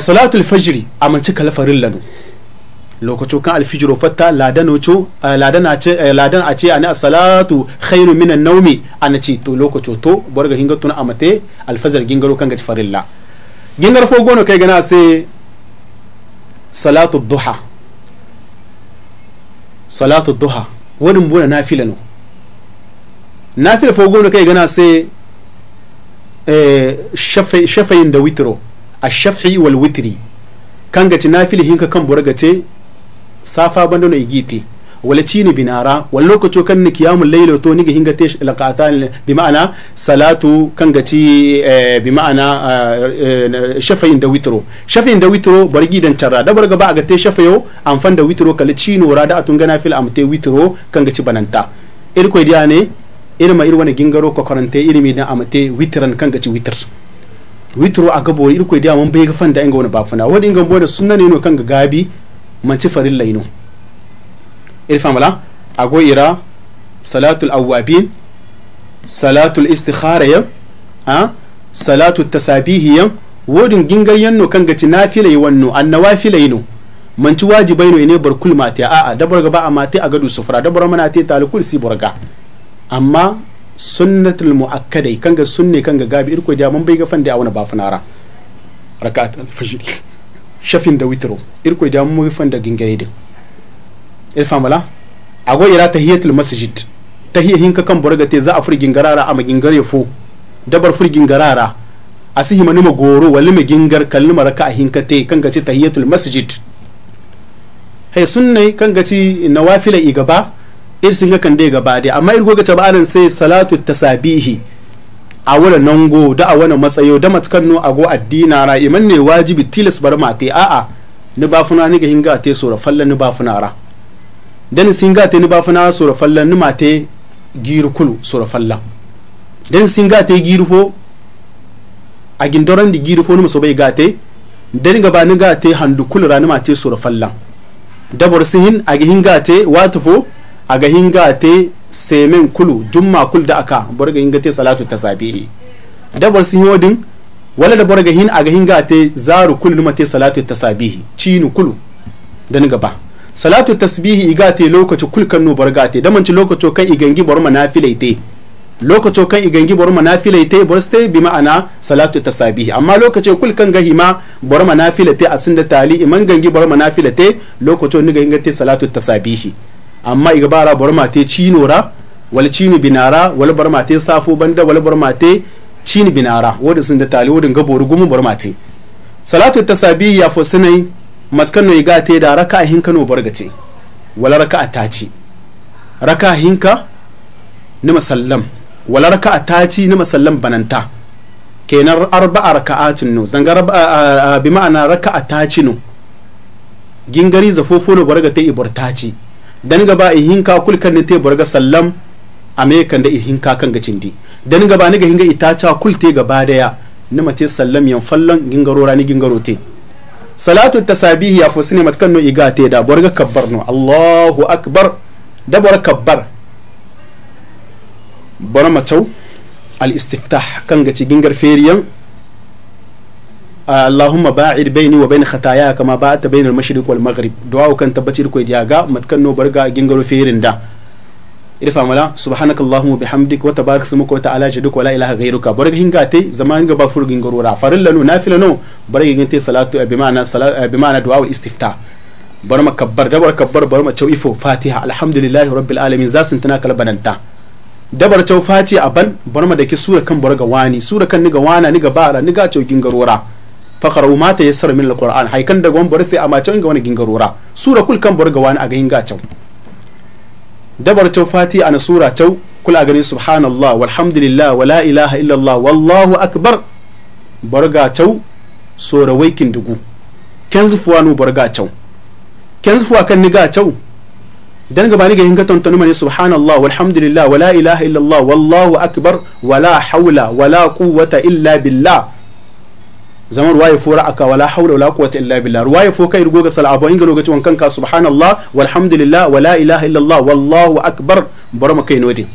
salatul fajr amanci kala farin lano lokacin kan alfijiro fatta ladan wuco ladan a ce ladan a ce ana salatu khairu minan naumi ana ce to lokacin to bar ga hingatuna amate alfazar gingaro kan gaci farilla gingar fogo gono kai gana sai salatu duha salatu duha wadin buna filano na nafila fogo gona kai gana sai eh, shafayin da witro a shafi wal witri kan gaci nafila hinka kan bura gace safa bandano igiti wala cini binara wala lokaco kan ni qiyamul layl to ni hinga te laqatan bi ma'ana salatu kan gati eh, bi ma'ana eh, shafayin da witro shafayin da witro bargi dan charra da barga ba ga te shafayo amfan da witro kala wara da atun gana fil amte witro kan gati bananta irko dia ne irma irwana gingaro ko karante mi dan amte witran kan gati witr witro a gabo irko dia mun bai ga fanda inga wani bafuna wadi inga bona sunna ne no kan ga gabi manci farilla ino irfamala ago ira salatul awabin salatul istikhara yam a salatul tasabihi yam wodin gingar yanno kan gaci nafila yi wannu an fila yi no manci wajibai no ne barkul kul mate a a dabar gaba a mate a gadu sufra dabar mana te talikul si burga amma sunnatul muakkadai kanga sunne kanga gabi irko da mun bai gafan da a wani ba funara rakatul fajr shafin da witro irko da mun gafan da gingare din famala ago ta tahiyatul masjid tahiya hinka kan ga te za a furgin garara a magingare fo dabar furgin garara a sihi mani magoro wali gingar kalli raka a hinka te kan gaci tahiyatul masjid hay sunne kan gaci wafila i gaba irsin ga kan dai gaba dai amma irgo gace ba anan sai salatu tasabihi a wani nango da a wani matsayo da matakan no go addina ra iman ne wajibi tilas bar mate a'a ni ba ni ga hinga te sura falla ni ba ra den singa te ni fana sura falla ni te giru kulu sura falla den singa te giru fo a gindoran di giru fo ni musobai gate den gaba ni gate handu kulu ra ni te sura falla dabar sihin a gihin gate watu fo a ga gihin gate semen kulu jumma kul da aka bar ga te salatu tasabihi dabar sihin wadin wala da bar ga hin a gihin te zaru kulu ni te salatu tasabihi cinu kulu den gaba salatu tasbihi igate lokaci kulkan no bargate da manci lokaci kan igangi bar manafila ite lokaci kan igangi bar manafila ite bar bi ma'ana salatu tasbihi amma lokaci kulkan gahi ma bar manafila te asinda tali iman gangi bar manafila te lokaci ni gangi te salatu tasbihi amma igbara bar ma te cinora wal cinu binara wal bar ma te safu banda wal bar ma te cini binara wodi sun da tali wodi gaboru gumin bar te salatu tasbihi ya fosinai matkano iga te da raka hinka no bargace wala raka taci raka hinka ni masallam wala raka taci ni masallam bananta kenan arba'a raka'atun no zangar bi ma'ana a taci no gingari zafofo no barga te ibar taci dan gaba hinka kulkan ne te barga sallam amekan da hinka kan ga cindi dan gaba ni ga hinga itaca kulte gaba daya ni mace sallam yan fallon gingaro ni gingaro te salatu tasabihi ya fosini matkan no iga te da borga kabbar no allahu akbar da borga kabbar bora matau al istiftah kan gaci gingar feriyan allahumma ba'id baini wa bain khataya kama ba'ata bain al mashriq wal maghrib du'a kan tabbaci ko diaga matkan no borga gingaro ferin da irfa mala subhanaka allahumma bihamdik wa tabarak smuka wa ta'ala jaduk wa la ilaha ghayruka bar hinga te zaman hinga ba furgin garura farilla no nafila no bar hinga te salatu eh, bi ma'ana salatu eh, bi ma'ana du'a istifta bar makabbar dabar kabbar bar ma ifo fatiha alhamdulillahi rabbil alamin zasin tana kalbananta dabar chau fatiha aban bar ma dake sura kan bar gawani wani sura kan niga wana niga bara niga chau chaw gingarora fakara mata yassara min alquran haikan daga wan bar sai amma chau inga wani gingarora sura kul kan bar gawani wani a ga hinga chau dabar tau fati a nasura tau kula gani subhanallah walhamdulillah wala ilaha illallah wallahu akbar barga tau sora waikin dugu kenzu wa nu barga tau ken fuwa kan niga tau dan gaba ni ga hinga tontonu mani subhanallah walhamdulillah wala ilaha illallah wallahu akbar wala hawla wala quwwata illa billah zaman ya fura aka wala haula wala quwwata illa billah ya fo kai rugo ga salabo inga lokaci wankan ka subhanallah walhamdulillah wala ilaha illallah wallahu akbar bar ma kai nodi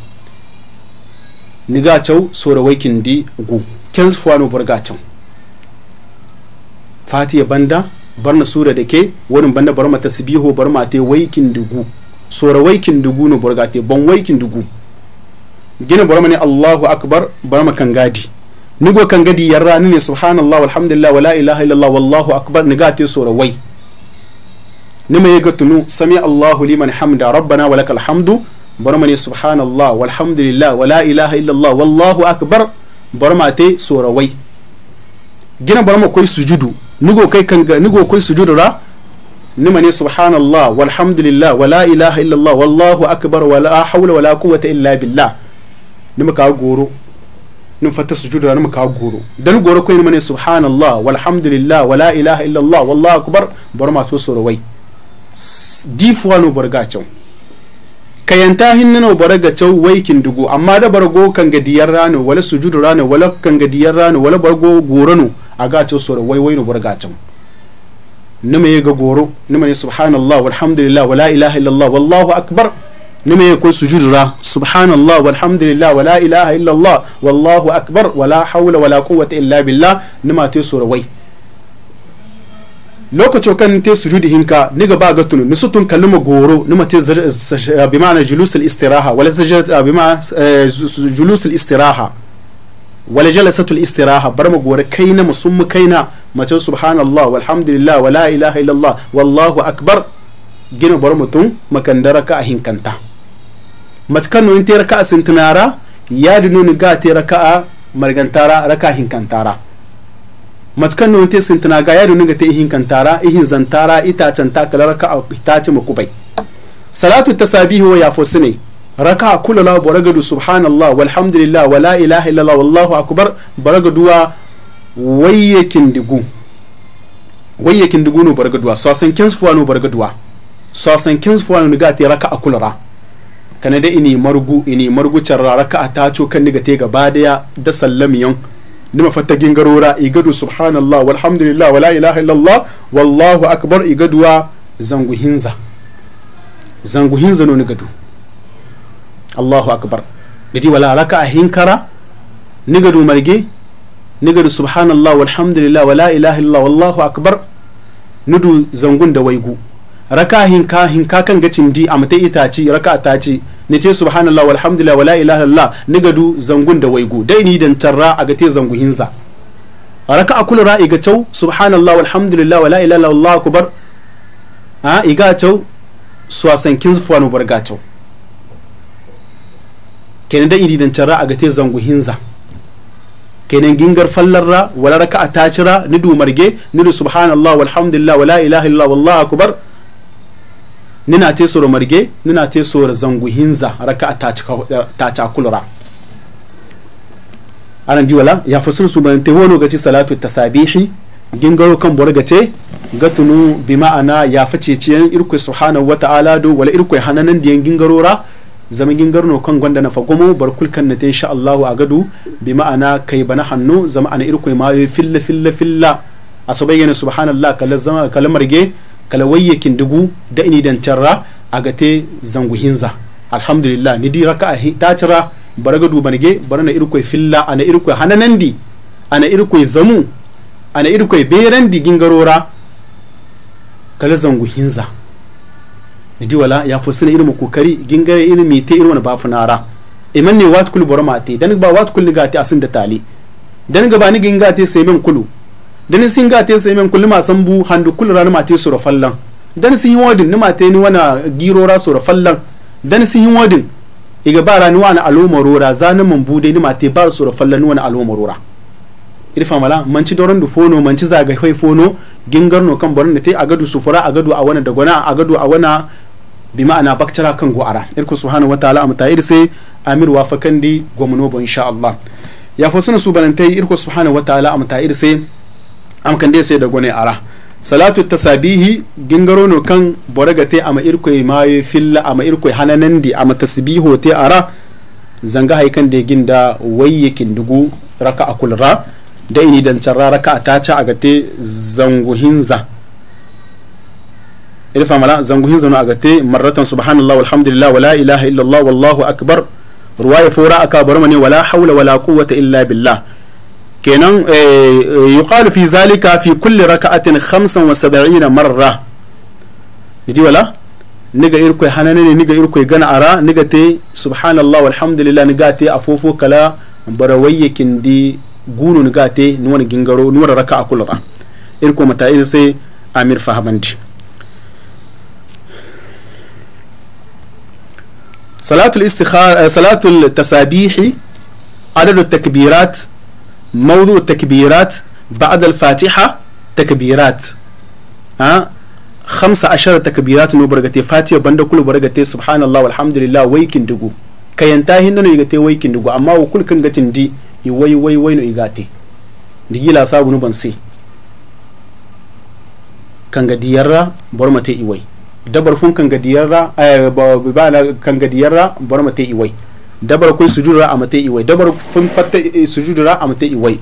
niga chau sora waikin di gu kens fuano burga chau fatiya banda bar na sura da ke wurin banda barma tasbihu barma te waikin gu sora waikin gu no burga te ban waikin gu gina barma ne allahu akbar barma kan gadi nigo kan gadi yarra ni ne subhanallah walhamdulillah wala ilaha illallah wallahu akbar ni gate sura wai ni mai ga tunu sami allahu liman hamda rabbana walakal hamdu bar ne subhanallah walhamdulillah wala ilaha illallah wallahu akbar bar ma te sura wai gina bar ma koi sujudu nigo kai kan ga nigo koi sujudu ra nima ne subhanallah walhamdulillah wala ilaha illallah wallahu akbar wala hawla wala quwwata illa billah nima ka goro nin fata sujudu ranar ka goro dan goro ko ne subhanallah walhamdulillah wala ilaha illallah wallahu akbar bar ma to sorowai difuwa no ga can kayanta hinna no can wai kin dugu amma da bargo kan gadiyar rano wala sujudu rano wala kan gadiyar rano wala go goro no aga can soro wai no ga can nima ga goro nima ne subhanallah walhamdulillah wala ilaha illallah wallahu akbar nime ko sujudura subhanallah walhamdulillah wala ilaha illallah wallahu akbar wala hawla wala quwwata illa billah nima te sorawai lokacin kan te sujudi hinka niga ba ga tunu nisu tun kalluma goro nima te eh, bi ma'ana julus al istiraha wala sajada eh, bi ma'ana eh, julus al istiraha wala jalasatul istiraha bar mu gore kaina musummu kaina mace subhanallah walhamdulillah wala ilaha illallah wallahu akbar gina bar mutum makandara ka a hinkanta matkan nun te raka'a sintinara ya di nuni ga te raka'a margantara raka hinkantara matkan nun te sintina ga ya nuni ga te hinkantara ihin zantara ita itacen takala raka'a itace makubai salatu ta tasabihi wa yafo sine raka'a kulala baragadu subhanallah walhamdulillah wala ilaha illallah wallahu akbar baragaduwa wayyakin digu wayyakin digu no baragaduwa sosan kins fuwa no baragaduwa sosan kins fuwa no ga te raka'a kulara kana da ini margu ini margu carrara ka ta co kan niga te gaba daya da yon nima fatagin gingarora igadu subhanallah walhamdulillah wala ilaha illallah wallahu akbar igaduwa zangu hinza zangu hinza no nigadu allahu akbar bidi wala raka a hinkara nigadu marge nigadu subhanallah walhamdulillah wala ilaha illallah wallahu akbar nudu zangun da waigu raka hinka hinka kan gacin di a mata itaci raka ta ce ne te subhanallah walhamdulillah wala ilaha illallah ni gadu zangun da waigu dai ni dan tarra a ga te zangu hinza raka akul ra'i ga tau subhanallah walhamdulillah wala ilaha illallah akbar a iga tau suwasan kin zufuwa no barga tau kenan dai ni dan tarra a ga te zangu hinza kenan gingar fallarra wala raka ta cira ni du marge ni subhanallah walhamdulillah wala ilaha illallah wallahu akbar nina te soro marge nina te soro zangu hinza raka ta kulura aran di wala ya fasir su ban te wono gaci salatu tasabihi gingaro kan bor gace gatunu bi ma'ana ya face yan irkwe subhanahu wa ta'ala do wala irkwe hananan gingaro gingarora zama no kan gwanda na fagomo bar kulkan na insha Allahu a gadu bi ma'ana kai bana hannu zama ana irkwe ma filla filla filla asabai yana subhanallah kallan zama kala marge kala wayyakin dugu da ini dan charra te zangu hinza alhamdulillah ni di raka ta cira baraga dubange barana irko filla ana irko hananandi ana irko zamu ana irko berandi gingarora kala zangu hinza ni di wala ya fusina irin kokari gingare irin mite irin wani bafunara iman ne wat kul te dan ba wat kul ga te asin da tali dan ga ba ni ginga te sai men kulu dani sin ga te sai men kulli ma san bu handu kulli ran ma te sura fallan dani sin wadin ni ma te ni wana ra sura fallan dani sin wadin iga bara ni wana alomarora zanin mun bude ni ma te bar sura fallan ni wana alomarora irfa mala manci doron du fono manci zaga fai fono gingarno kan barin da te agadu sufura agadu a wana dagona agadu a wana bi ma'ana baktara kan go'ara irku subhanahu wataala am ta'ir sai amir wa fakandi gwamnobo insha Allah ya fa suna subanantai irku subhanahu wataala am ta'ir sai am kan dai sai da gone ara salatu tasabihi gingaro no kan boraga te ama irkoi maye filla ama irkoy hananandi ama tasbiho te ara zanga hay kan de ginda wayyakin dugu raka ra da ini dan carra raka atacha aga te zanguhinza irfa mala hinza no aga te marratan subhanallah walhamdulillah wala ilaha illallah wallahu akbar ruwaya fura aka barmani wala hawla wala quwwata illa billah kenan eh, yuqalu fi zalika fi kulli raka'atin 75 marra idi wala niga irkoy hanane ne niga irkoy gana ara niga te subhanallah walhamdulillah niga te afofo kala barawayye kindi gunu niga te nuwan gingaro nuwan raka'a kulra irko mata ir sai amir fahamandi salatul istikhara eh, salatul tasabih adadu takbirat موضوع التكبيرات بعد الفاتحة تكبيرات ها خمسة عشر تكبيرات نو برغتي فاتحة بند كل برغتي سبحان الله والحمد لله ويكن دقو كي ينتهي ننو يغتي ويكن دقو أما وكل كن غتن دي يوي وي وي نو يغتي دي يلا سابو نو بنسي كان يرى برمتي إيوي dabar fun kan gadiyarra ba بانا kan gadiyarra يرى برمتي يوي dabar koy sujudura amate iwai dabar fun fatta eh, eh, sujudura amate iwai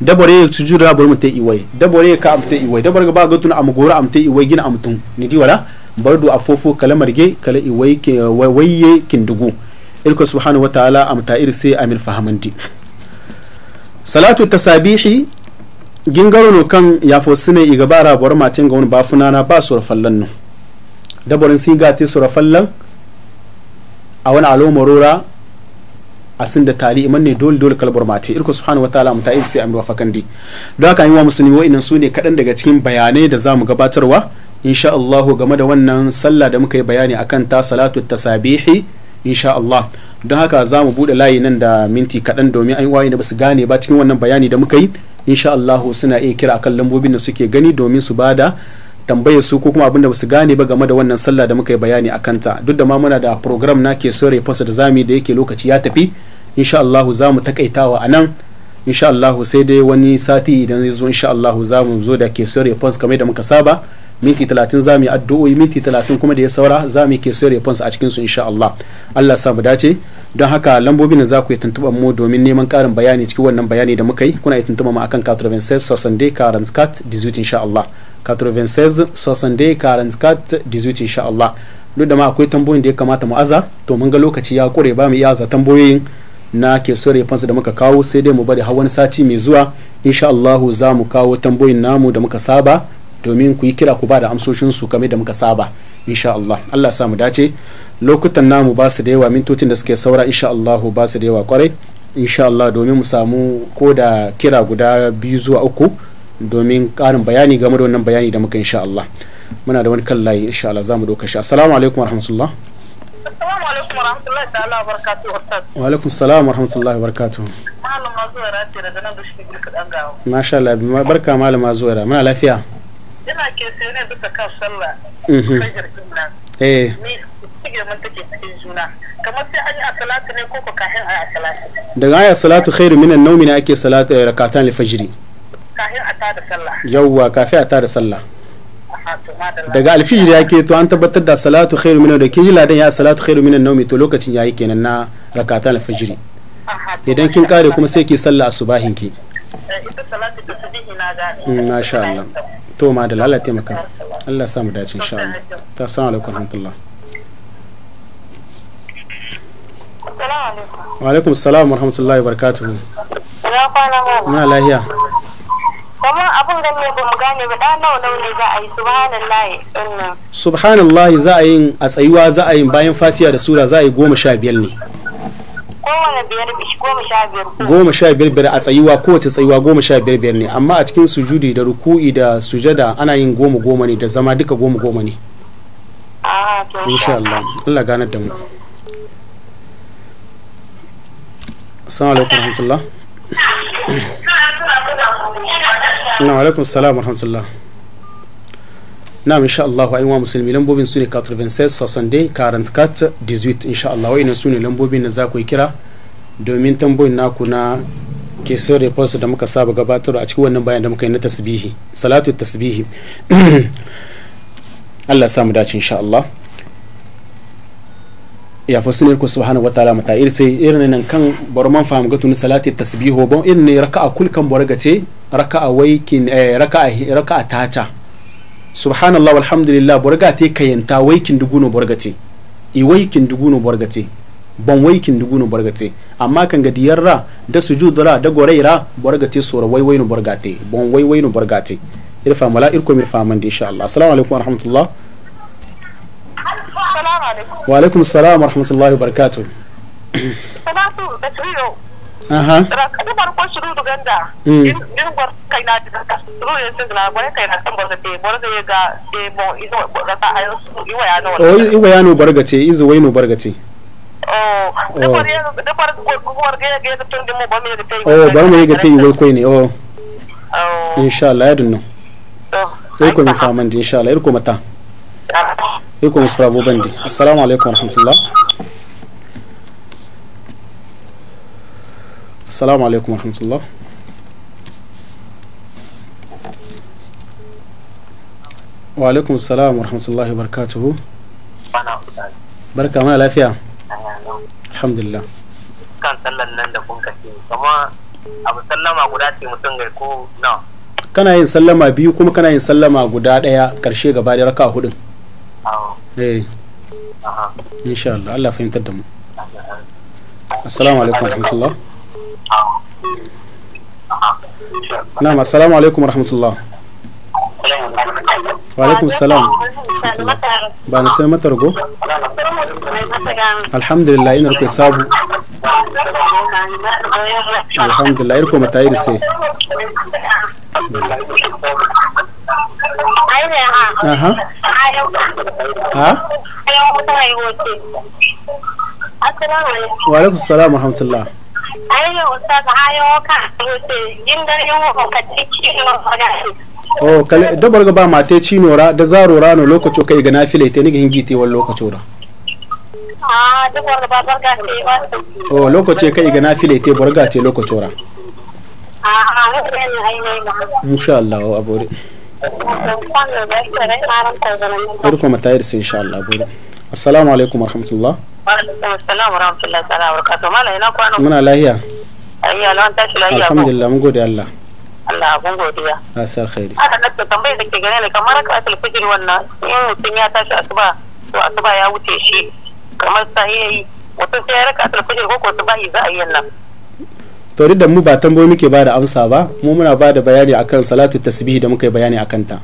dabar ye sujudura bar mate iwai dabar ya ka amate iwai dabar ba gatun am gora amate iwai gina amtun ni di wala bar a afofo kala marge kala iwai ke waye dugu ilko subhanahu wa ta'ala amta ir sai amil fahamandi salatu tasabihi gingaro no kan ya yafo sine igabara bor matin ga wani bafunana ba sura fallan dabarin singa te sur fallan a wani alomorora asin da tari iman ne dole dole kalbar mate irko subhanahu wataala mutai sai amir wafakan di don haka yi wa musulmi wa'annan su ne kaɗan daga cikin bayanai da zamu gabatarwa insha Allah game da wannan sallah da muka yi bayani akan ta salatu tasabihi insha Allah don haka zamu mu buɗe layi nan da minti kaɗan domin an wayi da basu gane ba cikin wannan bayani da muka yi insha Allah suna iya kira akan lambobin da suke gani domin su bada tambayar su ko kuma abinda basu gane ba game da wannan sallah da muka yi bayani a kanta duk da ma muna da program na ke sore fasa da zami da yake lokaci ya tafi insha Allah za mu takaitawa a nan insha Allah sai dai wani sati idan zai zo insha Allah za mu zo da ke sore fasa kamar da muka saba minti talatin za addu'o'i minti talatin kuma da ya saura za mu ke sore fasa a cikin su insha Allah Allah sa mu dace don haka lambobin da za ku yi tuntuɓar mu domin neman ƙarin bayani cikin wannan bayani da muka yi kuna yi tuntuɓar mu akan 96 current cut 18 insha Allah 96 44 18 insha Allah duk da ma akwai tambayoyin da ya kamata mu aza to mun ga lokaci ya kure ba mu iya aza tambayoyin na ke so fansa da muka kawo sai dai mu bari har wani sati mai zuwa insha Allah za mu kawo tambayoyin namu da muka saba domin ku yi kira ku ba da amsoshin su kamar da muka saba insha Allah Allah sa mu dace lokutan namu ba su da yawa mintocin da suke saura insha Allah ba su da yawa kwarai insha Allah domin mu samu koda kira guda biyu zuwa uku domin ƙarin bayani game da wannan bayani da muka insha Allah muna da wani kan layi insha Allah za mu doka shi assalamu alaikum wa rahmatullah assalamu alaikum wa rahmatullahi ta'ala wa barakatuhu ustaz wa alaikum assalam wa rahmatullahi wa barakatuhu malama zuwa ce daga nan da shi kadan gawo masha Allah barka malama zuwa muna lafiya ina ke sai ne bisa kan sallah mhm. eh ni girman take kamar sai an yi salatu ne ko ka kahin a salatu daga aya salatu khairu minan nawmi ne ake salatu eh, rakatan al-fajr kafin a tada sallah yawwa kafin a tada sallah daga alfijir ya ke to an tabbatar da salatu khairu minan da kin yi ladan ya salatu khairu minan naumi to lokacin ya yi kenan na rakata na fajiri. idan kin kare kuma sai ki sallah asubahin ki eh, ita salatu na gane mm, masha Allah to ma da lalata maka Allah samu dace insha Allah ta assalamu alaikum rahmatullah wa alaikum salam wa rahmatullahi wa barakatuh muna lahiya kuma abun da ne mu gane ba dan nawa ne za a yi subhanallahi inna subhanallahi za a yi a tsayuwa za a yi bayan fatiha da sura za a yi goma sha biyar ne biyar goma sha biyar biyar a tsayuwa kowace tsayuwa goma sha biyar biyar ne amma a cikin sujudi da ruku'i da sujada ana yin goma goma ne da zama duka goma goma ne ah, inshallah Allah Allah ganar da mu assalamu alaikum warahmatullahi na alaikum salam rahmatullah na insha Allah wa ayyuwa musulmi lambobin su ne 96 sosonde current cut 18 insha Allah wa ina su ne lambobin da za ku yi kira domin tambayin naku na kisan report da muka saba gabatar a cikin wannan bayan da muka yi na tasbihi salatu tasbihi Allah samu dace insha Allah ya fa sunir ko subhanahu wa ta'ala mata ir sai irin nan kan man fahim ga tuni salati tasbihu bon in ne raka'a kul kan borga ce raka'a waikin eh, raka'a raka'a tata subhanallahi walhamdulillah borga te kayanta waikin duguno borga ce i waikin duguno borga ce ban waikin duguno borga ce amma kan ga diyarra da sujudura da goraira borga te sora waiwainu borga te bon waiwainu borga te irfa mala irko mir faman insha Allah assalamu alaikum wa wa alaikum salam wa rahmatullahi barakatu salatu da trio aha da farko shiru duganda mm. din da ka shiru na te da ga mo izo da ta ayo su iwa ya no oh, iwa ya no bargate izo wai no bargate oh, oh da bar da ga ga mo ba me da te oh ga te iwa ne oh. oh insha Allah ya dunno mi insha Allah irko mata iko musu farabo bandi assalamu alaikum warahmatullah assalamu alaikum warahmatullah wa alaikum salam warahmatullahi wabarakatuhu barka mana lafiya alhamdulillah kan sallan nan da kun kace kuma abu sallama guda ce mutum gai ko na kana yin sallama biyu kuma kana yin sallama guda daya karshe gaba da raka hudun ايه اها ان شاء الله الله فين تدموا السلام عليكم ورحمه الله نعم السلام عليكم ورحمه الله وعليكم السلام bana sai mata الحمد لله ان ركو sabu الحمد لله mata yi da sai Aha. Ha? Wa alaikum salam wa rahmatullah. o oh, kale da barga ba ci nora, da zaro rano lokaci kai ga nafile te nigin gite wal lokaci ra a da oh, ba lokaci kai ga nafile te barga te lokaci ra a a insha Allah abore bari kuma ta yarsa insha Allah bude assalamu alaikum warahmatullah muna lahiya alhamdulillah mun gode Allah Allah abun godiya asar khairi tambayar da ke gane ne kamar asal fijir wannan in mutum ya tashi asuba to asuba ya wuce shi kamar sai yayi mutum sai ya raka asal fijir ko ko za a yi nan to duk da mu ba tambayoyi muke ba da amsa ba mu muna ba da bayani akan salatu tasbihi da muka yi bayani akan ta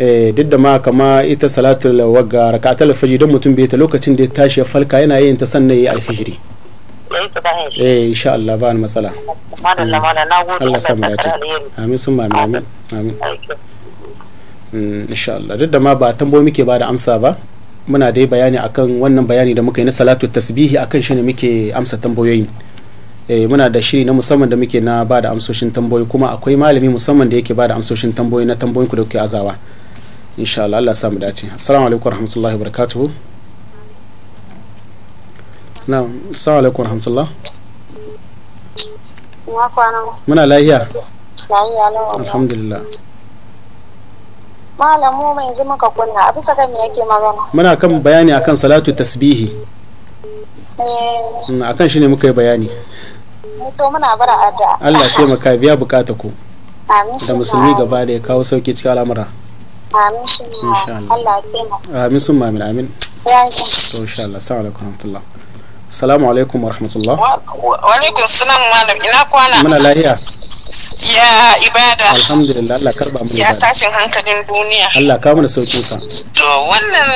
eh duk da ma kama ita salatu rak'at al fajr don mutum bai ta lokacin da ya tashi ya falka yana yin ta sannan yayi alfijiri eh insha Allah ba ni matsala mm. Allah sa mu dace amin sun amin amin mm, insha Allah duk da ma ba tambayoyi muke ba da amsa ba muna dai bayani akan wannan bayani da muka yi na salatu tasbihi akan shi ne muke amsa tambayoyin. Eh, muna da shiri na musamman da muke na ba da amsoshin tambayoyi kuma akwai malami musamman da yake ba da amsoshin tambayoyi na tambayoyinku da kuke azawa insha Allah Allah samu dace assalamu alaikum warahmatullahi wabarakatuh na assalamu alaikum warahmatullahi muna lahiya alhamdulillah malamu mai yanzu muka kunna a bisa kan me yake magana muna kan bayani akan salatu tasbihi eh. mm, akan shi ne muka yi bayani to muna bara addu'a Allah taimaka biya bukata ku da musulmi gaba da ya kawo sauki cikin al'amura amin shi Allah taimaka amin sun mamin amin to insha Allah assalamu alaikum warahmatullah assalamu alaikum warahmatullah wa alaikum salam malam ina kwana muna lahiya ya ibada alhamdulillah Allah karba mu ya tashin hankalin duniya Allah ka mana saukin sa to wannan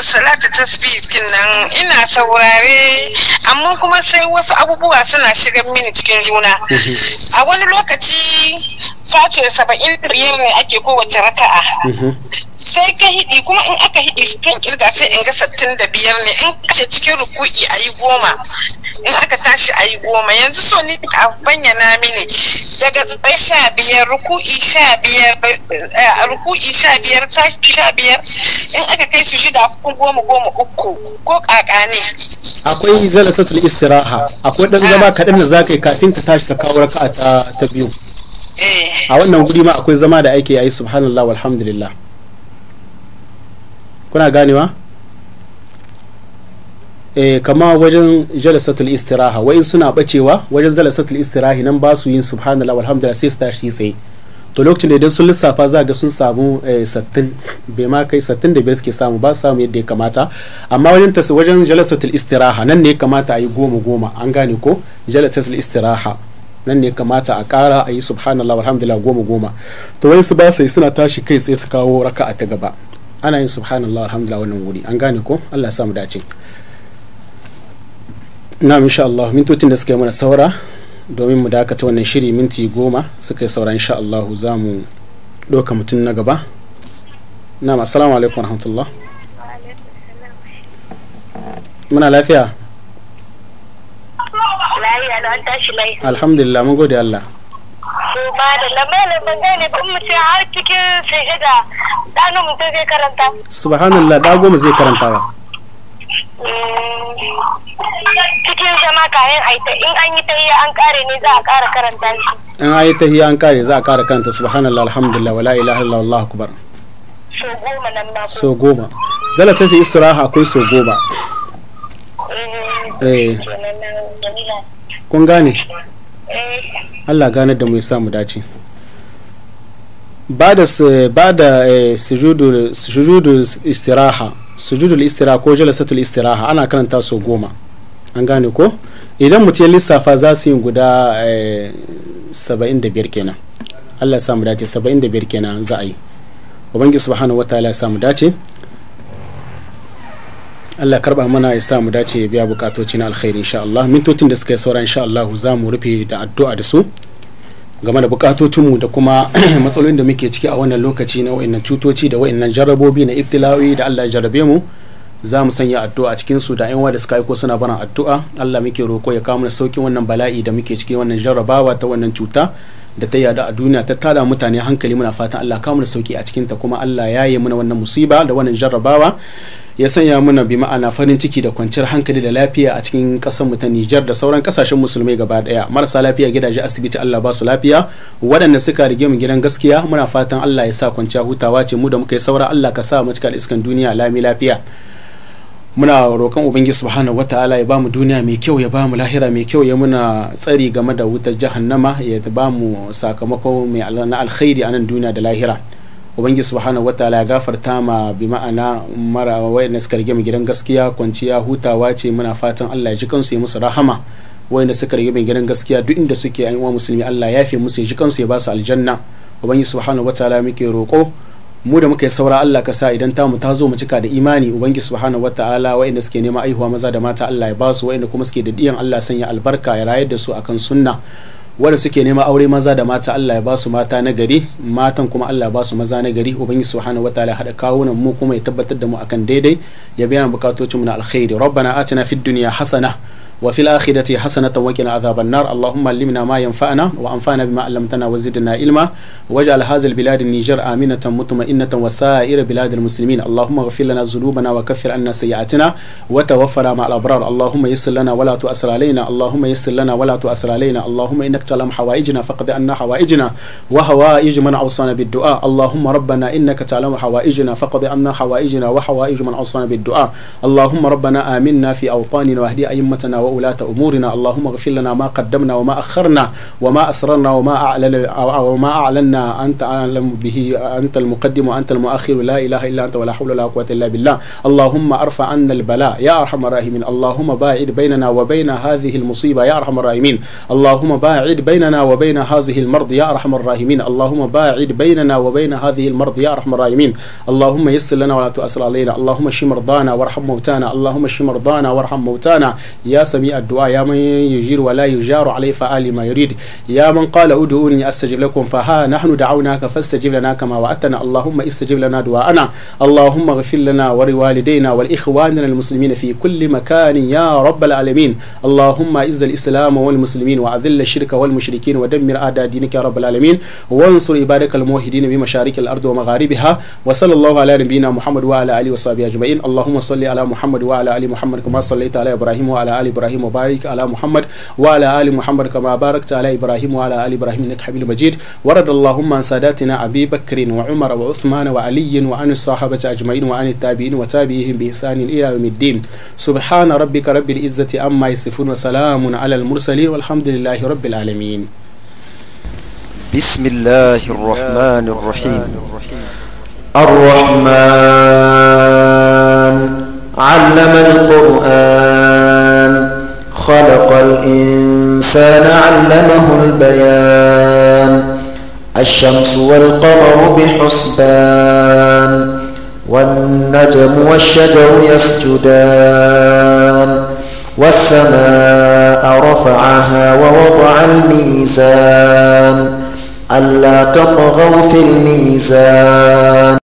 salatu din nan ina saurare amma kuma sai wasu abubuwa suna shigar mini cikin juna mhm. a wani lokaci face saba'in biyar ne ake kowace raka'a mhm. sai ka hidi kuma in aka hidi sun kirga sai in ga sattin da biyar ne in ce cikin ruku'i a yi goma in aka tashi a yi goma yanzu so ni a bayyana mini daga tsaye biyar ruku sha biyar ruku eh, sha biyar tashi sha biyar in aka kai su shida ko goma goma uku ko kaka ne akwai jalasatul istiraha akwai dan zama ah. kaɗan da zaka yi kafin ka tashi ka kawo raka'a ta ta biyu eh. a wannan guri ma akwai zama da ake yi subhanallah walhamdulillah kuna ganewa Eh, kama wajen jalasatul istiraha wa'in suna bacewa wajen jalasatul istirahi nan ba su yin subhanallah walhamdulillah sai su tashi tsaye to lokacin da idan sun lissafa za ga sun samu eh, sattin bai ma kai sattin da biyar suke samu ba samu yadda ya kamata amma wajen tasi wajen jalasatul istiraha nan ne ya kamata a yi goma goma an gane ko jalasatul istiraha nan ne ya kamata a kara a yi subhanallah walhamdulillah goma goma to wani su ba sai suna tashi kai tsaye su kawo raka'a ta gaba ana yin subhanallah walhamdulillah wannan wuri an gane ko Allah ya samu dace na insha Allah mintocin da suka yi mana saura domin mu dakata wannan shiri minti goma suka yi saura insha Allah za mu ɗauka mutum na gaba na assalamu alaikum rahmatullah muna lafiya alhamdulillah mun gode Allah ba da lamarin ban gane kun mutum har cikin sujada ɗanin mutum zai karanta subhanallah ɗa goma zai karanta ba cikin zama kayan aita in an yi tahiya an kare ne za a kara karanta shi in an yi tahiya an kare za a kara karanta subhanallah alhamdulillah wala ilaha illallah allahu akbar so goma nan ma so goma zala ta istiraha akwai so goma eh, eh. kun gane eh. Allah gane da mu ya mu dace ba da eh, sujudu istiraha sujudul istira ko jalasatul istiraha ana karanta su goma an gane ko idan mutum ya lissafa za su yi guda eh, saba'in da biyar kenan allah ya samu dace saba'in da biyar kenan za a yi ubangi subhanahu wa ta'ala ya samu dace allah karba mana ya samu dace biya bukatoci na alkhairi insha allah mintotin da suka yi saura insha allah za mu rufe da addu'a da su game da bukatocinmu da kuma matsalolin da muke ciki a wannan lokaci na wa'annan cutoci da wa'annan jarabobi na iftilawi da Allah ya jarabe mu za mu sanya addu'a a cikin su da yan da suka aiko suna barin addu'a Allah muke roko ya kawo mana saukin wannan bala'i da muke ciki wannan jarabawa ta wannan cuta da ta yada a duniya ta tada mutane hankali muna fatan Allah kawo mana sauki a cikin ta kuma Allah ya yi mana wannan musiba da wannan jarabawa. ya sanya muna bi ma'ana farin ciki da kwanciyar hankali da lafiya a cikin kasar mu ta Nijar da sauran kasashen musulmai gaba daya marasa lafiya gidaje asibiti Allah ba su lafiya waɗanda suka rige mu gidan gaskiya muna fatan Allah ya sa kwanciya hutawa ce mu da muka yi saura Allah ka sa mu cika iskan duniya lami lafiya muna roƙon ubangiji subhanahu wataala ya bamu duniya mai kyau ya bamu lahira mai kyau ya muna tsari game da wutar jahannama ya bamu sakamako mai na alkhairi a nan duniya da lahira ubangiji subhanahu wataala ya gafarta ma bi ma'ana mara wayanda suka rige mu gidan gaskiya kwanciya hutawa ce muna fatan Allah ya ji kansu ya musu rahama wayanda suka rige mu gidan gaskiya duk inda suke ayyuwa musulmi Allah ya fi musu ya ji kansu ya ba su aljanna ubangiji subhanahu wataala muke roko mu da muka saura Allah ka sa idan mu ta zo mu cika da imani ubangiji subhanahu wataala wayanda suke nema aihuwa maza da mata Allah ya ba su wayanda kuma suke da diyan Allah sanya albarka ya rayar da su akan sunna wanda suke nema aure maza da mata Allah ya ba su mata na gari matan kuma Allah ya ba su maza na gari ubangi subhanahu wataala hada kawunan mu kuma ya tabbatar da mu akan daidai ya biya mu bukatocin mu na alkhairi rabbana atina fid dunya hasana وفي الآخرة حسنة وقنا عذاب النار اللهم علمنا ما ينفعنا وأنفعنا بما علمتنا وزدنا علما وجعل هذا البلاد النيجر آمنة مطمئنة وسائر بلاد المسلمين اللهم اغفر لنا ذنوبنا وكفر عنا سيئاتنا وتوفنا مع الأبرار اللهم يسر لنا ولا تؤسر علينا اللهم يسر لنا ولا تؤسر علينا اللهم إنك تعلم حوائجنا فقد أن حوائجنا وهوائج من أوصانا بالدعاء اللهم ربنا إنك تعلم حوائجنا فقد أن حوائجنا وحوائج من أوصانا بالدعاء اللهم ربنا آمنا في أوطاننا واهدي أئمتنا وولاة أمورنا اللهم اغفر لنا ما قدمنا وما أخرنا وما أسررنا وما أعلن وما أعلنا أنت أعلم به أنت المقدم وأنت المؤخر لا إله إلا أنت ولا حول ولا قوة إلا بالله اللهم ارفع عنا البلاء يا أرحم الراحمين اللهم باعد بيننا وبين هذه المصيبة يا أرحم الراحمين اللهم باعد بيننا وبين هذه المرض يا أرحم الراحمين اللهم باعد بيننا وبين هذه المرض يا أرحم الراحمين اللهم يسر لنا ولا تؤسر علينا اللهم اشف مرضانا وارحم موتانا اللهم اشف مرضانا وارحم موتانا يا سميع سميع الدعاء يا من يجير ولا يجار عليه فعل ما يريد يا من قال ادعوني استجب لكم فها نحن دعوناك فاستجب لنا كما وعدتنا اللهم استجب لنا دعاءنا اللهم اغفر لنا ولوالدينا والاخواننا المسلمين في كل مكان يا رب العالمين اللهم اعز الاسلام والمسلمين واذل الشرك والمشركين ودمر اعداء دينك يا رب العالمين وانصر عبادك الموحدين بمشارق الارض ومغاربها وصلى الله على نبينا محمد وعلى اله وصحبه اجمعين اللهم صل على محمد وعلى ال محمد كما صليت على ابراهيم وعلى ال ابراهيم إبراهيم وبارك على محمد وعلى آل محمد كما باركت على إبراهيم وعلى آل إبراهيم إنك حميد مجيد ورد اللهم عن ساداتنا أبي بكر وعمر وعثمان وعلي وعن الصحابة أجمعين وعن التابعين وتابعيهم بإحسان إلى يوم الدين سبحان ربك رب العزة أما يصفون وسلام على المرسلين والحمد لله رب العالمين بسم الله الرحمن الرحيم الرحمن علم القرآن الإحسان علمه البيان الشمس والقمر بحسبان والنجم والشجر يسجدان والسماء رفعها ووضع الميزان ألا تطغوا في الميزان